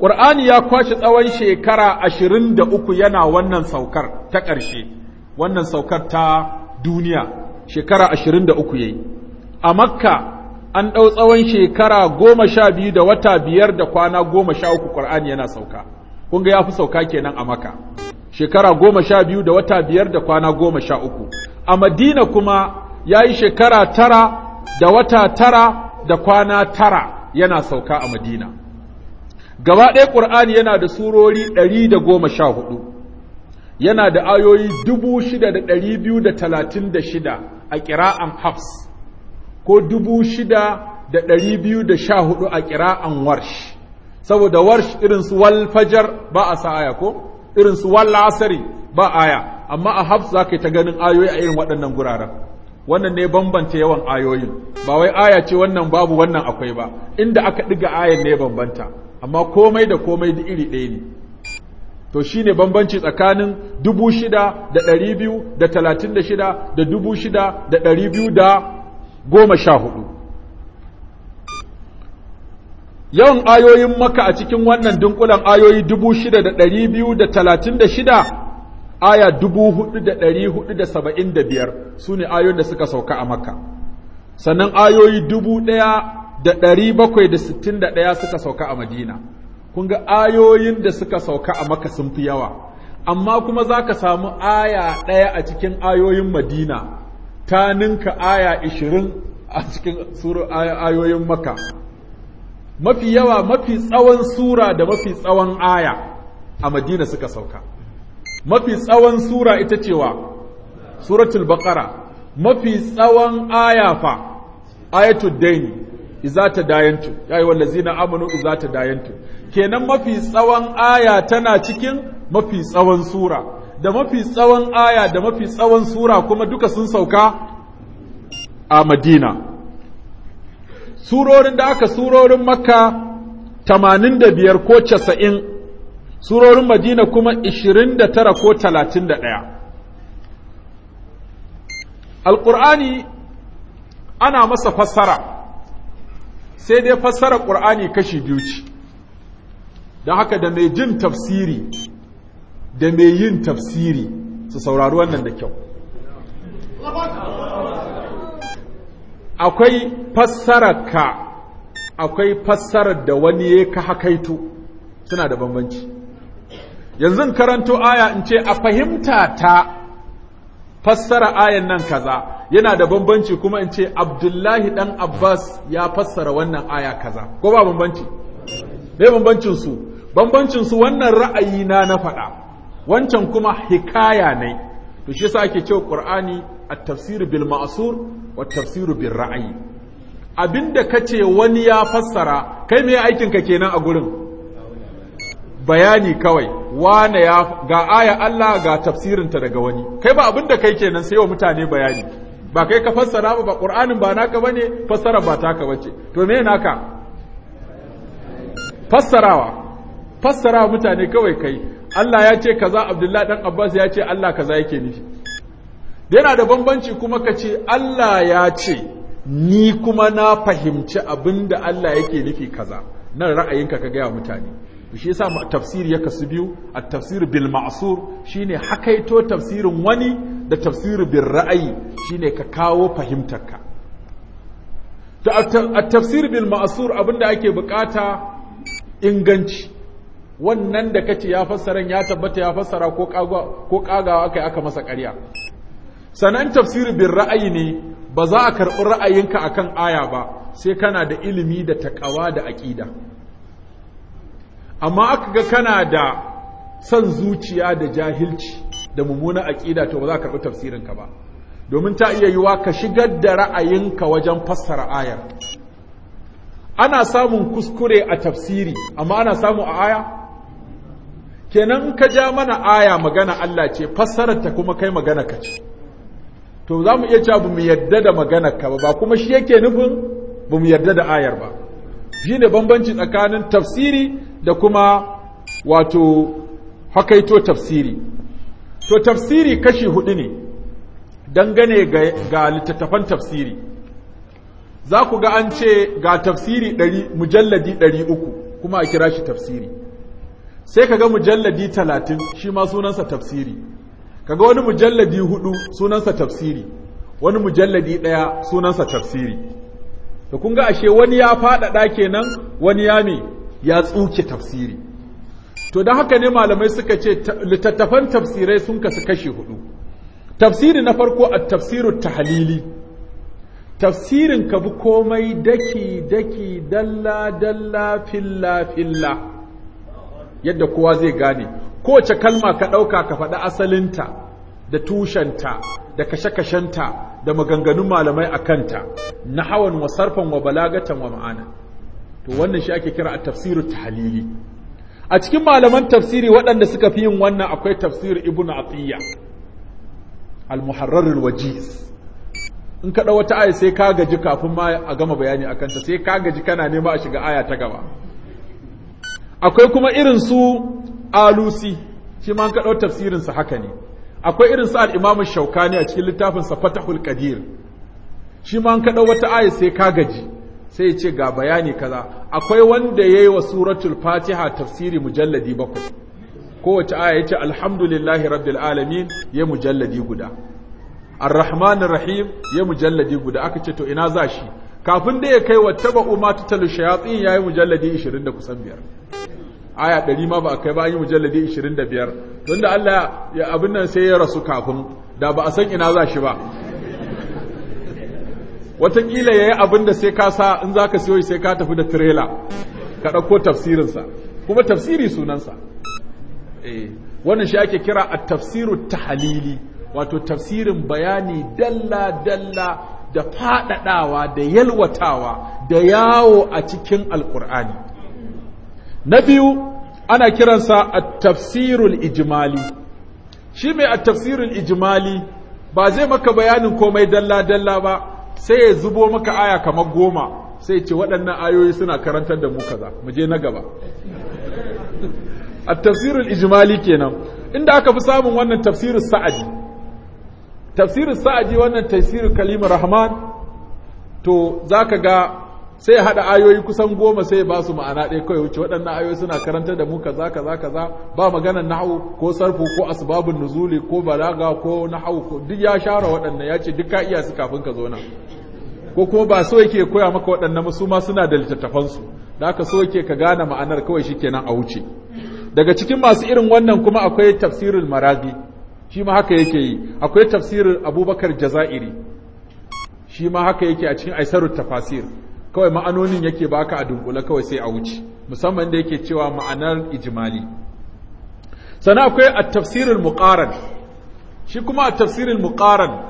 Qur'ani ya kwashi tsawon shekara ashirin da uku yana wannan saukar ta ƙarshe wannan saukar ta duniya shekara ashirin da uku yayi a makka an ɗau tsawon shekara goma sha biyu da wata biyar da kwana goma sha uku Qur'ani yana sauka kun ga ya fi sauka kenan a makka shekara goma sha biyu da wata biyar da kwana goma sha uku a madina kuma ya yi shekara tara da wata tara da kwana tara yana sauka a madina gaba ɗaya ƙur'ani yana da surori ɗari da goma sha hudu yana da ayoyi dubu shida da ɗari biyu da talatin da shida a ƙira'an hafs ko dubu shida da ɗari biyu da sha hudu a ƙira'an warsh saboda warsh irinsu wal fajar ba a sa aya ko irinsu wal asari ba aya amma a hafs za ka yi ta ganin ayoyi a irin waɗannan guraren wannan ne bambanta yawan ayoyin ba wai aya ce wannan babu wannan akwai ba inda aka ɗiga ayan ne bambanta amma komai da komai da iri ɗaya ne to shi ne bambanci tsakanin 6,236 da 6,214 yawan ayoyin maka a cikin wannan dunkulan ayoyi 6,236 aya 4,475 su ne ayoyin da suka sauka a makka sannan ayoyi 1,761 suka sauka a madina kun ga ayoyin da suka sauka a makka sun fi yawa amma kuma za ka samu aya ɗaya a cikin ayoyin madina ta ninka aya 20 a cikin ayoyin makka mafi yawa mafi tsawon sura da mafi tsawon aya a madina suka sauka mafi tsawon sura ita cewa suratul baqara mafi tsawon aya fa ayatul daini iza ta dayantu yayi wallazina amanu iza ta dayantu kenan mafi tsawon aya tana cikin mafi tsawon sura da mafi tsawon aya da mafi tsawon sura kuma duka sun sauka a Madina surorin da aka surorin makka 85 ko 90 surorin madina kuma 29 ko 31 alƙur'ani ana masa fassara sai dai fassara ƙur'ani kashi biyu ce don haka da mai jin tafsiri da mai yin tafsiri su saurari wannan da kyau akwai fassarar ka akwai fassarar da wani ya ka hakaito suna da bambanci yanzu karanto aya in ce a fahimta ta fassara ayan nan kaza yana da bambanci kuma in ce abdullahi dan abbas ya fassara wannan aya kaza ko ba bambanci me bambancin su bambancin su wannan ra'ayi na na faɗa wancan kuma hikaya ne to shi yasa ake cewa qur'ani at-tafsir bil ma'sur wa tafsir bil ra'ayi abinda kace wani ya fassara kai me aikin ka kenan a gurin bayani kawai wane ya ga aya Allah ga tafsirinta daga wani kai ba abin da kai kenan sai wa mutane bayani ba kai ka fassara ba Qur'anin ba naka bane fassara ba taka bace to me naka fassarawa fassara mutane kawai kai Allah ya ce kaza Abdullah dan Abbas ya ce Allah kaza yake nufi yana da bambanci kuma ka ce Allah ya ce ni kuma na fahimci abinda Allah yake nufi kaza nan ra'ayinka ka gaya mutane shi yasa tafsiri ya kasu biyu A tafsir bil ma'sur shine hakaito tafsirin wani da tafsir bil ra'ayi shine ka kawo fahimtarka to a tafsir bil ma'sur abinda ake bukata inganci wannan da kace ya fassara ya tabbata ya fassara ko kagawa ko kagawa aka masa ƙarya sanan tafsir bil ra'ayi ne ba za a karɓi ra'ayinka akan aya ba sai kana da ilimi da takawa da aƙida. amma aka ga kana da son zuciya da jahilci da mummuna aƙida to ba za ka tafsirin tafsirinka ba domin ta iya yiwa ka shigar da ra'ayinka wajen fassara ayar ana samun kuskure a tafsiri amma ana samu a aya kenan ka ja mana aya magana Allah ce fassarar ta kuma kai magana ka ce to za mu iya cewa ba mu yarda da magana ka ba kuma shi yake nufin ba mu yarda da ayar ba shi ne bambanci tsakanin tafsiri da kuma wato hakaito tafsiri to tafsiri kashi hudu ne dangane ga, ga littattafan tafsiri za ku ga an ce ga tafsiri ɗari mujalladi ɗari uku kuma a kira shi tafsiri sai ka ga mujalladi talatin shi ma sunansa tafsiri ka ga wani mujalladi hudu sunansa tafsiri wani mujalladi ɗaya sunansa tafsiri da kun ga ashe wani ya faɗaɗa kenan wani ya me ya tsuke tafsiri to da haka ne malamai suka ce littattafan tafsirai sun kasu kashe hudu tafsiri na farko a tafsirin tahalili tafsirin ka bi komai daki daki dalla dalla filla filla yadda kowa zai gane kowace kalma ka ɗauka ka faɗi asalinta da tushenta da kashe-kashenta da maganganun malamai a kanta na hawan wa sarfan wa balagatan wa ma'ana to wannan shi ake kira a tafsiru tahalili a cikin malaman tafsiri waɗanda suka fi yin wannan akwai tafsir ibnu atiyya al-muharrar al-wajiz in ka wata aya sai ka gaji kafin ma a gama bayani akan ta sai ka gaji kana nema a shiga aya ta gaba akwai kuma irin su alusi shi ma ka ɗau tafsirin haka ne akwai irin su al-imam shaukani a cikin littafin sa fatahul qadir shi ma ka wata aya sai ka gaji sai ce ga bayani kaza akwai wanda yayi wa suratul fatiha tafsiri mujalladi bakwai kowace aya yace alhamdulillahi rabbil alamin ya mujalladi guda arrahmanir rahim ya mujalladi guda aka ce to ina za shi kafin da ya kai wa taba umatu talu shayatin yayi mujalladi 20 da kusan biyar aya 100 ma ba a kai ba an yi mujalladi 25 tunda Allah ya abin nan sai ya rasu kafin da ba a san ina za shi ba watakila ya yi abin da sai ka sa in za ka siyo sai ka tafi da tirela ka ɗauko tafsirinsa kuma tafsiri sunansa eh, wannan shi ake kira a tafsiru tahalili wato tafsirin bayani dalla-dalla da faɗaɗawa da yalwatawa da yawo a cikin Alƙur'ani. na biyu ana kiransa a tafsirul ijimali shi mai a tafsirul ijimali ba zai maka bayanin komai dalla-dalla ba sai ya zubo maka aya kamar goma sai ce waɗannan ayoyi suna karantar da mu kaza mu je na gaba a tafsirin ijmali kenan inda aka fi samun wannan tafsirin sa'adi tafsirin sa'adi wannan tafsirin kalimar rahman to za ka ga sai hada haɗa ayoyi kusan goma sai ba su ma'ana ɗaya kawai wuce waɗannan ayoyi suna karanta da mu kaza kaza kaza ba maganar nahwu ko sarfu ko asbabun nuzuli ko balaga ko nahwu ko duk ya share waɗannan ya ce duk ka iya su kafin ka zo nan ko ko ba so yake koya maka waɗannan su ma suna da littattafan su da aka so yake ka gane ma'anar kawai shikenan a wuce daga cikin masu irin wannan kuma akwai tafsirul marazi shi ma haka yake yi akwai tafsirin abubakar jaza'iri shi ma haka yake a cikin aisarut tafasir kawai ma'anonin yake baka a dunkule kawai sai a wuce musamman da yake cewa ma'anar ijimali sana akwai a tafsirin muqaran shi kuma a tafsirin muqaran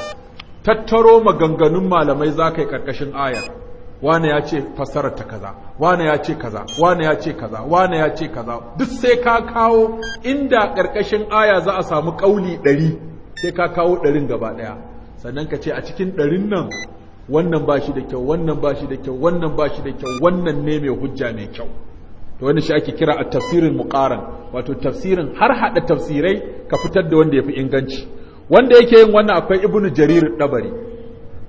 tattaro maganganun malamai za ka yi ƙarƙashin aya wane ya ce fassarar ta kaza wane ya ce kaza wane ya ce kaza wane ya ce kaza duk sai ka kawo inda ƙarƙashin aya za a samu ƙauli ɗari sai ka kawo ɗarin gaba ɗaya sannan ka ce a cikin ɗarin nan wannan ba shi da kyau wannan ba shi da kyau wannan ba shi da kyau wannan ne mai hujja mai kyau to wanda shi ake kira a tafsirin muqaran wato tafsirin har hada tafsirai ka fitar da wanda yafi inganci wanda yake yin wannan akwai ibnu jarir dabari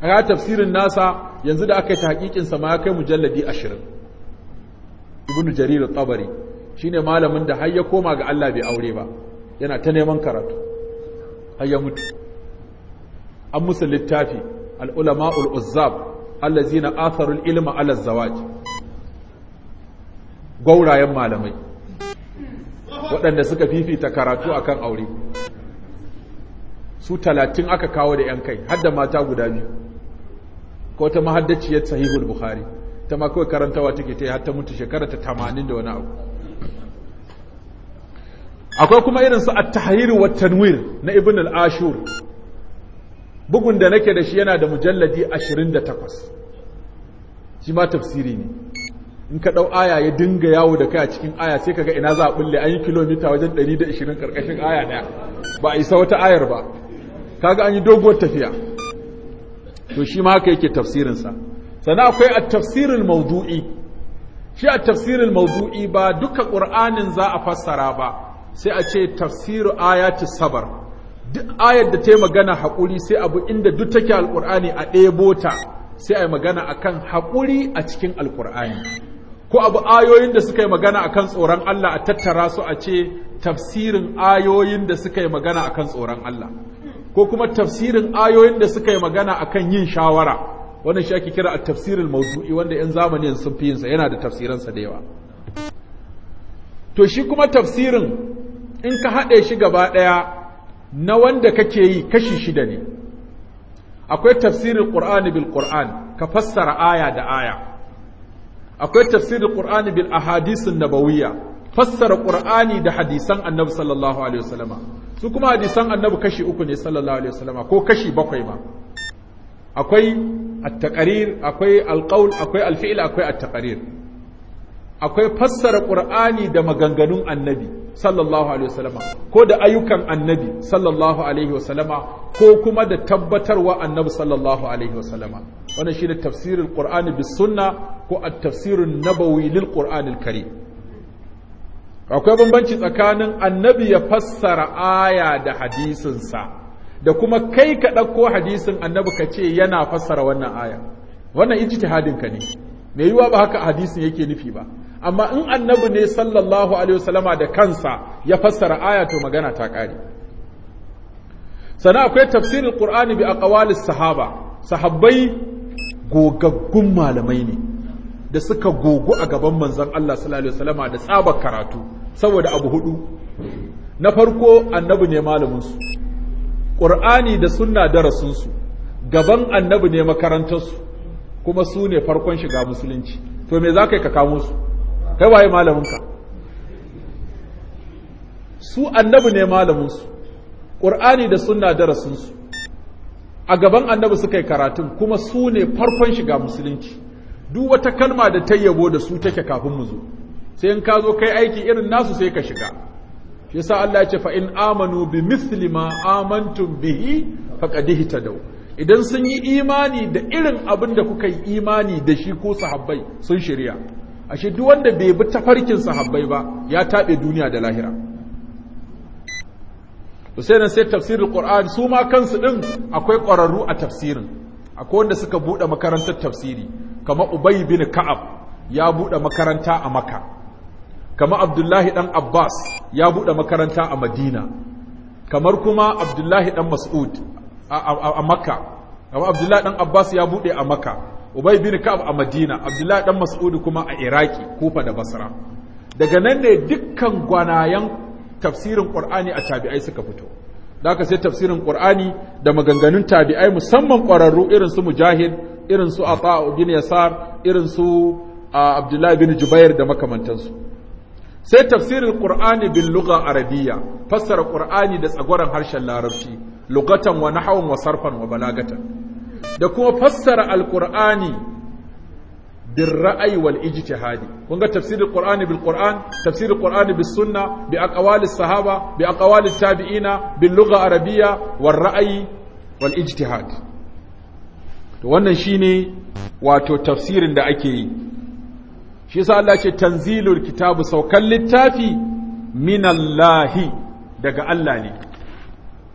aka tafsirin nasa yanzu da aka yi tahqiqin sa ma kai mujalladi 20 ibnu jarir dabari shine malamin da har ya koma ga Allah bai aure ba yana ta neman karatu har ya mutu an musu littafi al'ulama ul'uzzab allazina atharul ilma alas zawaji gaurayen malamai waɗanda suka fifita karatu akan aure su talatin aka kawo da ‘yan kai hadda mata guda biyu ko ta mahaddaciyar sahihul bukhari ta ma kawai karantawa take ta yi hatta mutu shekara ta tamanin da wani abu akwai kuma irinsu a tahiri wa tanwir na ibn al'ashur bugun da nake da shi yana da mujalladi 28 shi ma tafsiri ne in ka ɗau aya ya dinga yawo da kai a cikin aya sai kaga ina za a bulle an yi kilomita wajen 120 karkashin aya daya ba a isa wata ayar ba kaga an yi doguwar tafiya to shi ma haka yake sa sana akwai a tafsirin maudu'i shi a tafsirin maudu'i ba duka ƙur'anin za a fassara ba sai a ce tafsiru ayati sabar duk ayar da ta yi magana haƙuri sai abu inda duk take alƙur'ani a ɗebo ta sai a yi magana a kan haƙuri a cikin alƙur'ani ko abu ayoyin da suka yi magana a kan tsoron Allah a tattara su a ce tafsirin ayoyin da suka yi magana a kan tsoron Allah ko kuma tafsirin ayoyin da suka yi magana a kan yin shawara wannan shi ake kira a tafsirin mawdu'i wanda yan zamanin sun fi yinsa yana da tafsiransa da yawa to shi kuma tafsirin in ka haɗe shi gaba ɗaya na wanda kake yi kashi shida ne akwai tafsirin qur'ani bil qur'an ka fassara aya da aya akwai tafsirin qur'ani bil ahadisin nabawiyya fassara qur'ani da hadisan annabi sallallahu alaihi wasallama su kuma hadisan annabi kashi uku ne sallallahu alaihi wasallama ko kashi bakwai ma akwai at-taqrir akwai al-qawl akwai al-fi'l akwai at-taqrir akwai fassara qur'ani da maganganun annabi sallallahu alaihi wasallama ko da ayyukan annabi sallallahu alaihi wasallama ko kuma da tabbatarwa annabi sallallahu alaihi wasallama wannan shine tafsirul qur'ani bis sunna ko at-tafsirun nabawi lil qur'anil karim akwai bambanci tsakanin annabi ya fassara aya da hadisinsa da kuma kai ka ɗauko hadisin annabi ka ce yana fassara wannan aya wannan ijtihadin ka ne me yiwa ba haka hadisin yake nufi ba amma in annabi ne sallallahu alaihi wasallama da kansa ya fassara aya to magana ta kare sana akwai tafsirin qur'ani bi aqwalis sahaba sahabbai gogaggun malamai ne da suka gogu a gaban manzon Allah sallallahu alaihi wasallama da tsaba karatu saboda abu hudu na farko annabi ne malamin su qur'ani da sunna rasul su gaban annabi ne makarantar su kuma su ne farkon shiga musulunci to me za ka kawo ka kamo su kai waye malaminka su annabi ne malaminsu ƙur'ani da sunna darasinsu a gaban annabi suka yi karatun kuma su ne farkon shiga musulunci duk wata kalma da ta yabo da su take kafin mu zo sai in ka zo kai aiki irin nasu sai ka shiga shi yasa Allah ya ce fa in amanu bi misli ma amantum bihi faqad ihtadaw idan sun yi imani da irin abin da kuka yi imani da shi ko sahabbai sun shirya ashe duk wanda bai bi tafarkin sahabbai ba ya tabe duniya da lahira to sai nan sai tafsirul qur'an su ma kansu din akwai ƙwararru a tafsirin akwai wanda suka bude makarantar tafsiri kamar ubay bin ka'ab ya bude makaranta a makka kamar abdullahi dan abbas ya bude makaranta a madina kamar kuma abdullahi dan mas'ud a makka kamar abdullahi dan abbas ya bude a makka ubay bin ka'ab a madina abdullahi dan mas'ud kuma a iraki kufa da basra daga nan ne dukkan gwanayen tafsirin qur'ani a tabi'ai suka fito da aka sai tafsirin qur'ani da maganganun tabi'ai musamman ƙwararru irin su mujahid irin su Ata'u bin yasar irin su abdullahi bin jubair da makamantansu sai tafsirin qur'ani bil lugha arabiyya fassara qur'ani da tsagoran harshen larabci lugatan wa nahwan wa sarfan wa balagatan da kuma fassara alkur'ani bin ra'ayi wal ijtihadi kun ga tafsirul qur'ani bil qur'an tafsirul qur'ani bis sunna bi sahaba bi tabi'ina bil lugha arabiyya wal ra'ayi wal ijtihad to wannan ne wato tafsirin da ake yi shi yasa Allah ce tanzilul kitabu saukan littafi minallahi daga Allah ne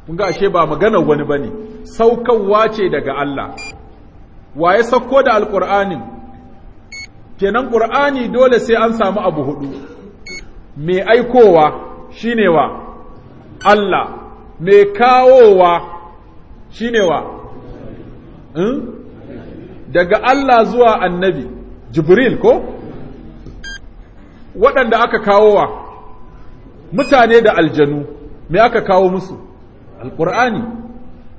kun ashe ba maganar wani bane saukarwa ce daga Allah Wa ya sauko da alƙur'anin kenan ƙur'ani dole sai an samu abu hudu mai aikowa shine wa Allah mai kawowa shine wa hmm? daga Allah zuwa annabi jibril ko waɗanda aka kawowa mutane da aljanu me aka kawo musu alƙur'ani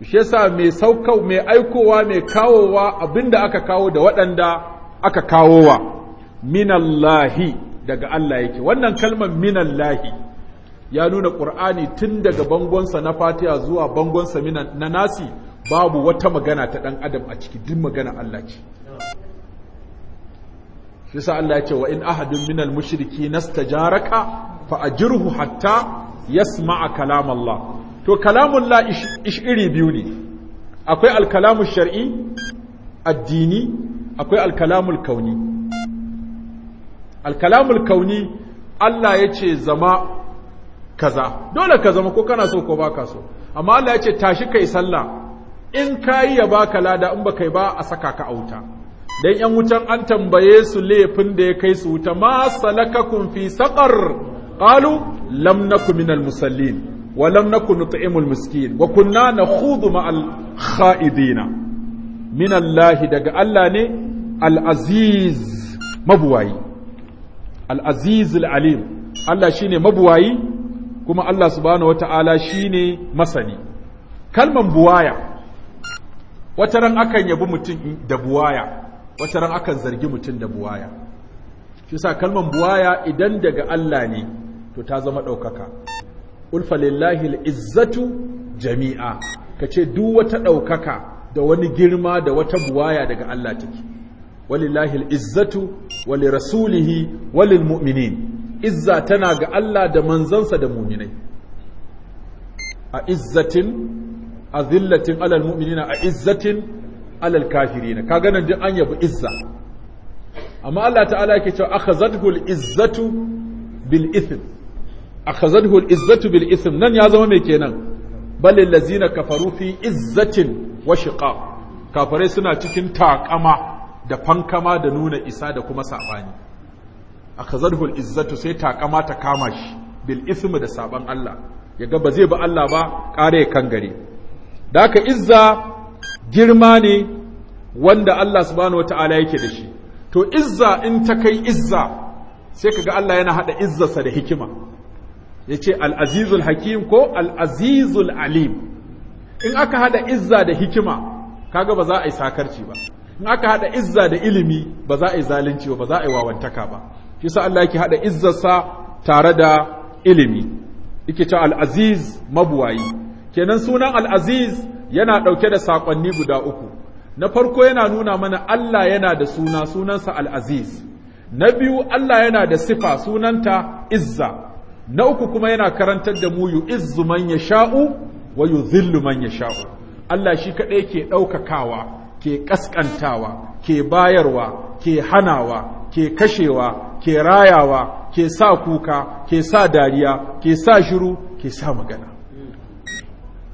shi yasa mai saukau mai aikowa mai kawowa abinda aka kawo da waɗanda aka kawowa minallahi daga Allah yake wannan kalmar minallahi ya nuna ƙur'ani tun daga bangonsa na fatiha zuwa bangonsa na nasi babu wata magana ta ɗan adam a ciki duk magana Allah ce shi yasa Allah ya ce wa in ahadun minal mushriki nastajaraka fa ajirhu hatta yasma'a kalam Allah to kalamun la iri biyu ne akwai alkalamun shar'i addini akwai alkalamul kauni alkalamul kauni Allah ya ce zama kaza dole ka zama ko kana so ko baka so amma Allah ya ce tashi kai sallah in kayi ya baka lada in baka yi ba a saka ka auta dan yan wutan an tambaye su laifin da ya kai su wuta ma salakakum fi saqar qalu lam nakum minal musallin wa lam nakun nut'imul miskin wa kunna nakhudu ma'al kha'idina min daga Allah ne al mabuwayi al-aziz al-alim Allah shine mabuwayi kuma Allah subhanahu wata'ala shine masani kalman buwaya wata ran akan yabi mutum da buwaya wata ran akan zargi mutum da buwaya shi kalman buwaya idan daga Allah ne to ta zama ɗaukaka ulfa lillahi al'izzatu jami'a ka ce duk wata ɗaukaka da wani girma da wata buwaya daga Allah take walillahi al'izzatu wali rasulihi walil mu'minin izza tana ga Allah da manzansa da muminai a izzatin a zillatin alal mu'minina a izzatin alal kafirina ka ganin jin an yabi izza amma Allah ta'ala yake cewa akhazathu al-izzatu bil ithm akhazadhu izzatu bil ism nan ya zama mai kenan balil lazina kafaru fi izzatin wa shiqaq kafirai suna cikin taƙama da fankama da nuna isa da kuma sabani akhazadhu izzatu sai takama ta kama shi bil ism da saban Allah yaga ba zai ba Allah ba kare kan gare da haka izza girma ne wanda Allah subhanahu wataala yake da shi to izza in ta kai izza sai kaga Allah yana hada izzarsa da hikima ya ce al'azizul hakim ko al'azizul alim in aka hada izza da hikima kaga ba za a yi sakarci ba in aka hada izza da ilimi ba za a yi zalunci ba ba za a yi wawantaka ba shi sa Allah yake hada izzarsa tare da ilimi yake ce al'aziz mabuwayi kenan sunan al'aziz yana ɗauke da saƙonni guda uku na farko yana nuna mana Allah yana da suna sunansa al'aziz na biyu Allah yana da sifa sunanta izza na uku kuma yana karantar da mu yu'izzu man yasha'u wa yudhillu man yasha'u Allah shi kadai ke ɗaukakawa, ke ƙasƙantawa, ke bayarwa ke hanawa ke kashewa ke rayawa ke sa kuka ke sa dariya ke sa shiru ke sa magana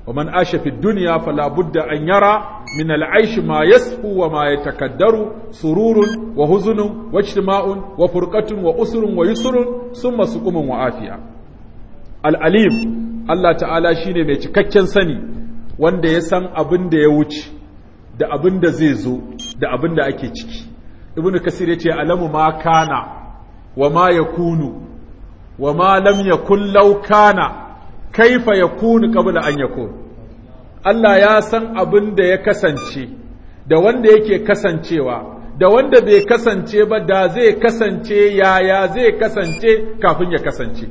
wa man asha fi dunya fala budda an yara min al'aishi ma yasfu wa ma yatakaddaru sururun wa huzunun wa ijtima'un wa furqatun wa usrun wa yusrun summa suqumun wa afiya al'alim Allah ta'ala shine mai cikakken sani wanda ya san abin da ya wuce da abin da zai zo da abin da ake ciki ibn kasir ce alamu ma kana wa ma yakunu wa malam ya yakun law kana kaifa yakunu qabla an yakun Allah ya san abin da ya kasance da wanda yake kasancewa da wanda bai kasance ba da zai kasance yaya zai kasance kafin ya kasance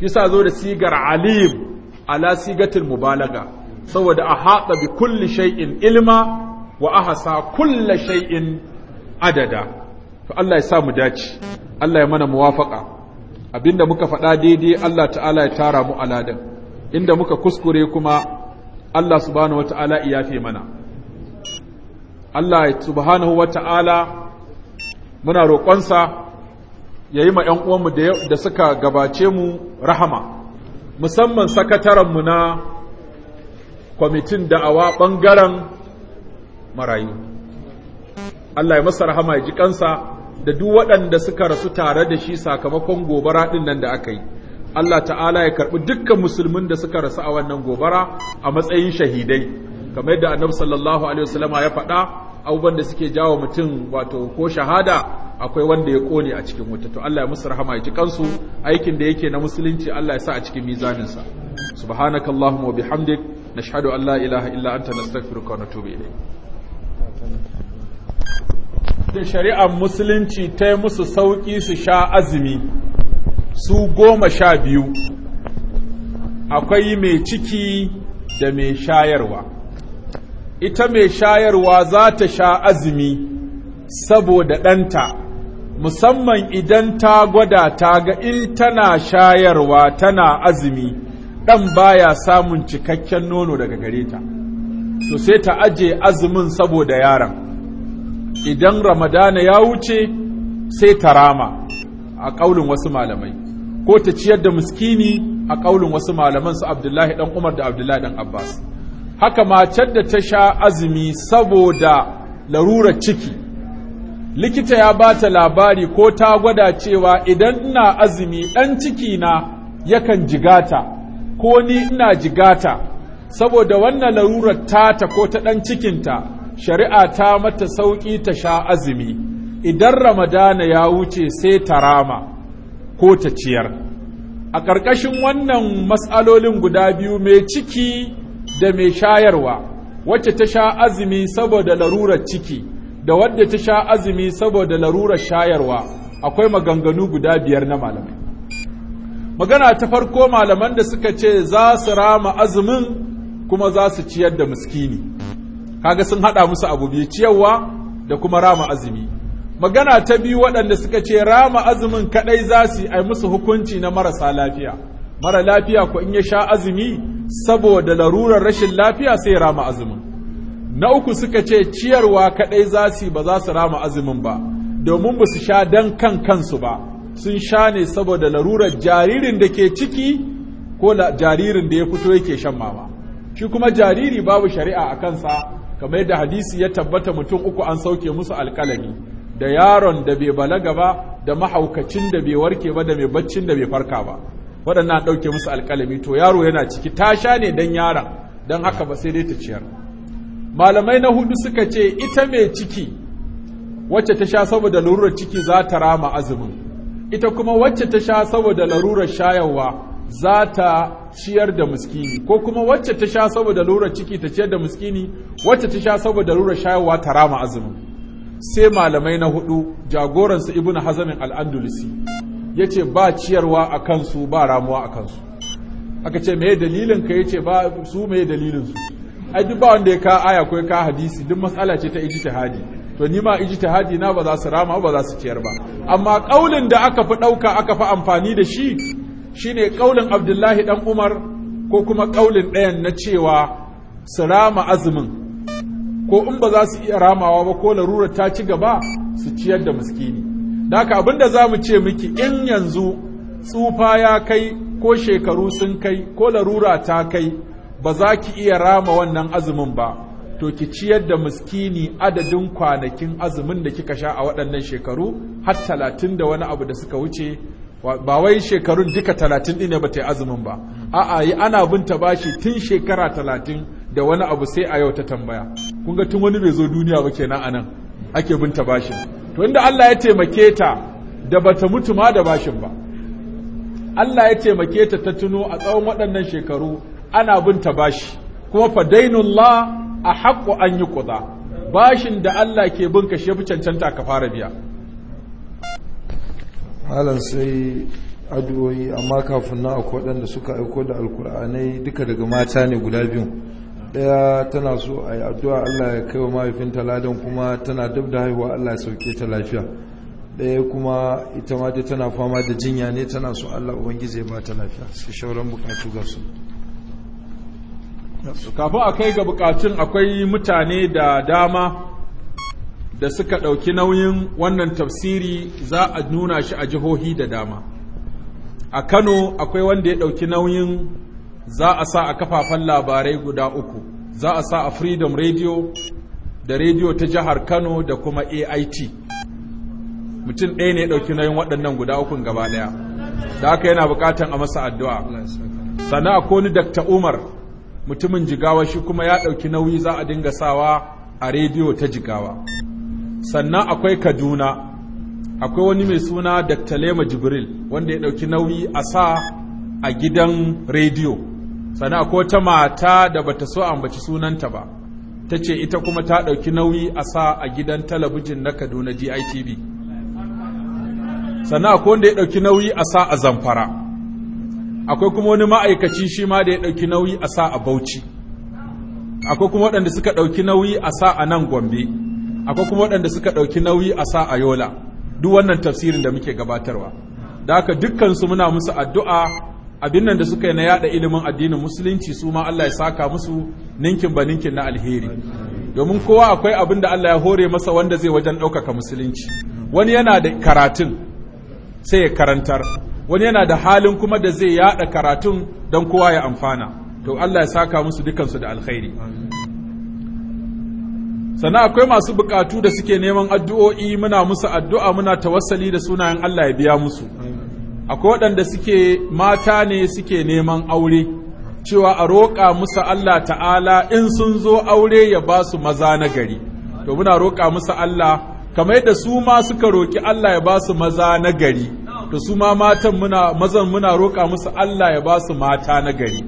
kisa zo da sigar alim ala sigatin mubalaga saboda a haɗa bi kulli shay'in ilma wa ahasa kulle shay'in adada to Allah ya sa mu dace Allah ya mana muwafaƙa abinda muka faɗa daidai Allah ta'ala ya tara mu aladan inda muka kuskure kuma Allah subhanahu wata'ala iyafe mana Allah subhanahu wata'ala muna roƙonsa ya yi ma da suka gabace mu rahama musamman sakatarenmu na kwamitin da da'awa ɓangaren marayu Allah ya masa rahama ya ji kansa da duk waɗanda suka rasu tare da shi sakamakon gobara ɗin nan da aka yi Allah ta'ala ya karɓi dukkan musulmin da suka rasu a wannan gobara a matsayin shahidai kamar yadda annabi sallallahu alaihi wasallama ya faɗa abubuwan da suke jawo mutum wato ko shahada akwai wanda ya kone a cikin wuta to Allah ya musu rahama ya ji kansu aikin da yake na musulunci Allah ya sa a cikin mizanin sa subhanakallahumma wa bihamdik nashhadu an la ilaha illa anta nastaghfiruka wa natubu ilayk shari'ar musulunci ta musu sauki su sha azumi su goma sha biyu akwai mai ciki da mai shayarwa ita mai shayarwa za ta sha azumi saboda ɗanta musamman idan ta gwada ta ga in tana shayarwa tana azumi ɗan baya samun cikakken nono daga gare ta to sai ta aje azumin saboda yaron idan ramadana ya wuce sai ta rama a ƙaunin wasu malamai ko ta ciyar da muskini a ƙaulin wasu malaman su Abdullahi ɗan Umar da Abdullahi ɗan Abbas haka macen da ta sha azumi saboda larurar ciki likita ya ba ta labari ko ta gwada cewa idan ina azumi ɗan ciki na yakan jigata ko ni ina jigata saboda wannan larurar tata ko ta ɗan cikinta shari'a ta mata sauƙi ta sha azumi idan ramadana ya wuce sai ta rama ko ta ciyar a ƙarƙashin wannan matsalolin guda biyu mai ciki da mai shayarwa wacce ta sha azumi saboda larurar ciki da wadda ta sha azumi saboda larurar shayarwa akwai maganganu guda biyar na malamai magana ta farko malaman da suka ce za su rama azumin kuma za su ciyar da miskini kaga sun haɗa musu abu biyu ciyarwa da kuma rama azumi magana ta biyu waɗanda suka ce rama azumin kaɗai za su ai musu hukunci na marasa lafiya mara lafiya ko in ya sha azumi saboda larurar rashin lafiya sai rama azumin na uku suka ce ciyarwa kaɗai za su ba za su rama azumin ba domin ba su sha dan kan kansu ba sun sha ne saboda larurar jaririn da ke ciki ko jaririn da ya fito yake shan mama shi kuma jariri babu shari'a a kansa kamar yadda hadisi ya tabbata mutum uku an sauke musu alƙalami da yaron da bai balaga ba da mahaukacin da bai warke ba da mai baccin da bai farka ba waɗannan ɗauke musu alƙalami to yaro yana ciki ta sha ne don yaron don haka ba sai dai ta ciyar malamai na hudu suka ce ita mai ciki wacce ta sha saboda larurar ciki za ta rama azumin ita kuma wacce ta sha saboda larurar shayarwa za ta ciyar da miskini ko kuma wacce ta sha saboda larurar ciki ta ciyar da miskini wacce ta sha saboda larurar shayarwa ta rama azumin sai malamai na hudu jagoransa ibn hazamin al'andulisi ya ce ba ciyarwa a kansu ba ramuwa a kansu aka ce mai dalilin ka ya ce ba su mai dalilinsu. su ai duk ba wanda ya ka aya ko ka hadisi duk matsala ce ta Ijiti-hadi. to ni ma Ijiti-hadi na ba za su rama ba za su ciyar ba amma kaulin da aka fi dauka aka fi amfani da shi shine kaulin Abdullahi dan Umar ko kuma kaulin ɗayan na cewa su rama azumin ko in ba za su iya ramawa ba ko larurar ta ci gaba su ciyar da miskini da haka abinda za mu ce miki in yanzu tsufa ya kai ko shekaru sun kai ko larura ta kai ba za ki iya rama wannan azumin ba to ki ciyar da miskini adadin kwanakin azumin da kika sha a waɗannan shekaru har talatin da wani abu da suka wuce ba wai shekarun duka talatin ɗin ne ba ta yi azumin ba a'a yi ana binta bashi tun shekara talatin da wani abu sai a yau ta tambaya kun ga tun wani bai zo duniya ba kenan anan ake bin ta bashin to inda Allah ya taimake ta da bata mutu ma da bashin ba Allah ya taimake ta ta tuno a tsawon waɗannan shekaru ana binta bashi kuma fa dainullah a haƙƙo an yi kuɗa bashin da Allah ke bin ka shefi cancanta ka fara biya malam sai addu'o'i amma kafin na akwai waɗanda suka aiko da alkur'anai duka daga mata ne guda biyu daya tana so a yi addu'a Allah ya kai wa mahaifinta taladin kuma tana duk da haihuwa Allah ya sauke ta lafiya daya kuma ita ma dai tana fama da jinya ne tana so Allah ubangiji ya ba ta lafiya sai shauran bukatu ga su kafin a kai ga bukatun akwai mutane da dama da suka ɗauki nauyin wannan tafsiri za a nuna shi a jihohi da dama a kano akwai wanda ya ɗauki nauyin za a sa a kafafen labarai guda uku za a sa a freedom radio da radio ta jihar kano da kuma ait mutum ɗaya ne ɗauki nayin waɗannan guda ukun gaba ɗaya da aka yana buƙatan a masa addu'a sana ko ni Dr umar mutumin jigawa shi kuma ya ɗauki nauyi za a dinga sawa a rediyo ta jigawa sannan akwai kaduna akwai wani mai suna Dr lema jibril wanda ya ɗauki nauyi a sa a gidan rediyo sana ko ta mata da bata so ambaci sunanta ba ta ce ita kuma ta ɗauki nauyi a sa a gidan talabijin na kaduna gitv sana ko wanda ya ɗauki nauyi a sa a zamfara akwai kuma wani ma'aikaci shi ma da ya ɗauki nauyi a sa a bauchi akwai kuma waɗanda suka ɗauki nauyi a sa a nan gombe akwai kuma waɗanda suka ɗauki nauyi a sa a yola duk wannan tafsirin da muke gabatarwa da haka dukkansu muna musu addu'a abin nan da suka yi na yada ilimin addinin musulunci su ma Allah ya saka musu ninkin ba ninkin na alheri domin kowa akwai abin da Allah ya hore masa wanda zai wajen ɗaukaka musulunci wani yana da karatun sai ya karantar wani yana da halin kuma da zai yada karatun don kowa ya amfana to Allah ya saka musu dukansu da alkhairi sannan akwai masu bukatu da suke neman addu'o'i muna musu addu'a muna tawassali da sunayen Allah ya biya musu akwai waɗanda suke mata ne suke neman aure cewa a roƙa musu Allah ta'ala in sun zo aure ya ba su maza na gari to muna roƙa musu Allah kamar yadda su ma suka roƙi Allah ya ba su maza na gari to su ma matan muna mazan muna roƙa musu Allah ya ba su mata na gari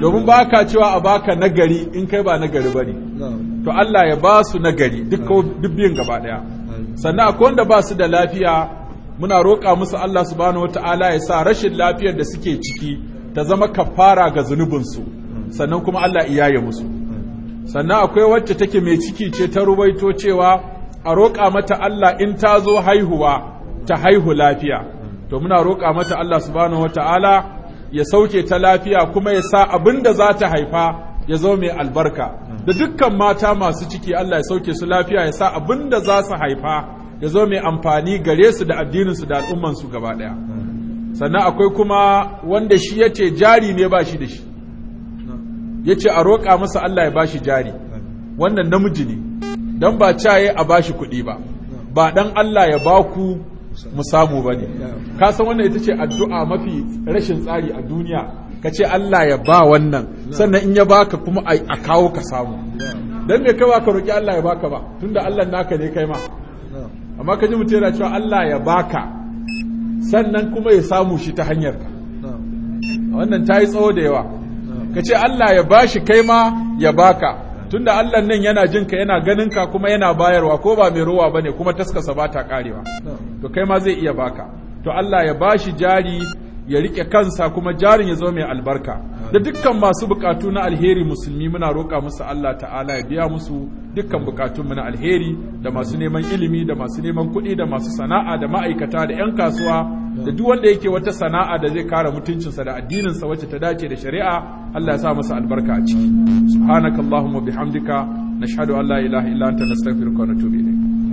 domin ba ka cewa a baka na gari in kai ba na gari ne. to Allah ya ba su na gari duk biyan gaba daya sannan akwai wanda ba su da lafiya muna roƙa musu Allah subhanahu wata'ala ya sa rashin lafiyar da suke ciki ta zama kafara ga zunubinsu sannan kuma Allah iyaye musu sannan akwai wacce take mai ciki ce ta rubaito cewa a roƙa mata Allah in ta zo haihuwa ta haihu lafiya to muna roƙa mata Allah subhanahu wata'ala ya sauke ta lafiya kuma ya sa abin da za ta haifa ya zo mai albarka da dukkan mata masu ciki Allah ya sauke su lafiya ya sa abin da za su haifa ya zo mai amfani gare su da addininsu da al'ummansu gaba ɗaya sannan akwai kuma wanda shi ya ce jari ne ba shi da shi ya ce a roƙa masa Allah ya ba shi jari wannan namiji ne don ba caye a bashi kuɗi ba ba ɗan Allah ya ba ku mu samu ba ne ka san wannan ita ce addu'a mafi rashin tsari a duniya ka ce Allah ya ba wannan sannan in ya baka kuma a kawo ka samu don me kai ka roƙi Allah ya baka ba tunda Allah naka ne kai ma amma ka ji mutum yana cewa Allah ya baka sannan kuma ya samu shi ta hanyar ka wannan ta yi tsawo da yawa ka ce Allah ya bashi kai ma ya baka tunda Allah nan yana jin ka yana ganin ka kuma yana bayarwa ko ba mai ruwa ne kuma taskasa ba ta karewa to kai ma zai iya baka to Allah ya bashi jari ya rike kansa kuma jarin ya zama mai albarka da dukkan masu bukatu na alheri musulmi muna roƙa musu Allah ta'ala ya biya musu dukkan bukatun mu na alheri da masu neman ilimi da masu neman kuɗi da masu sana'a da ma'aikata da 'yan kasuwa da duk wanda yake wata sana'a da zai kare mutuncinsa da addininsa wacce ta dace da shari'a Allah ya sa masa albarka a ciki subhanakallahumma bihamdika nashhadu an la ilaha illa anta nastaghfiruka wa natubu ilayk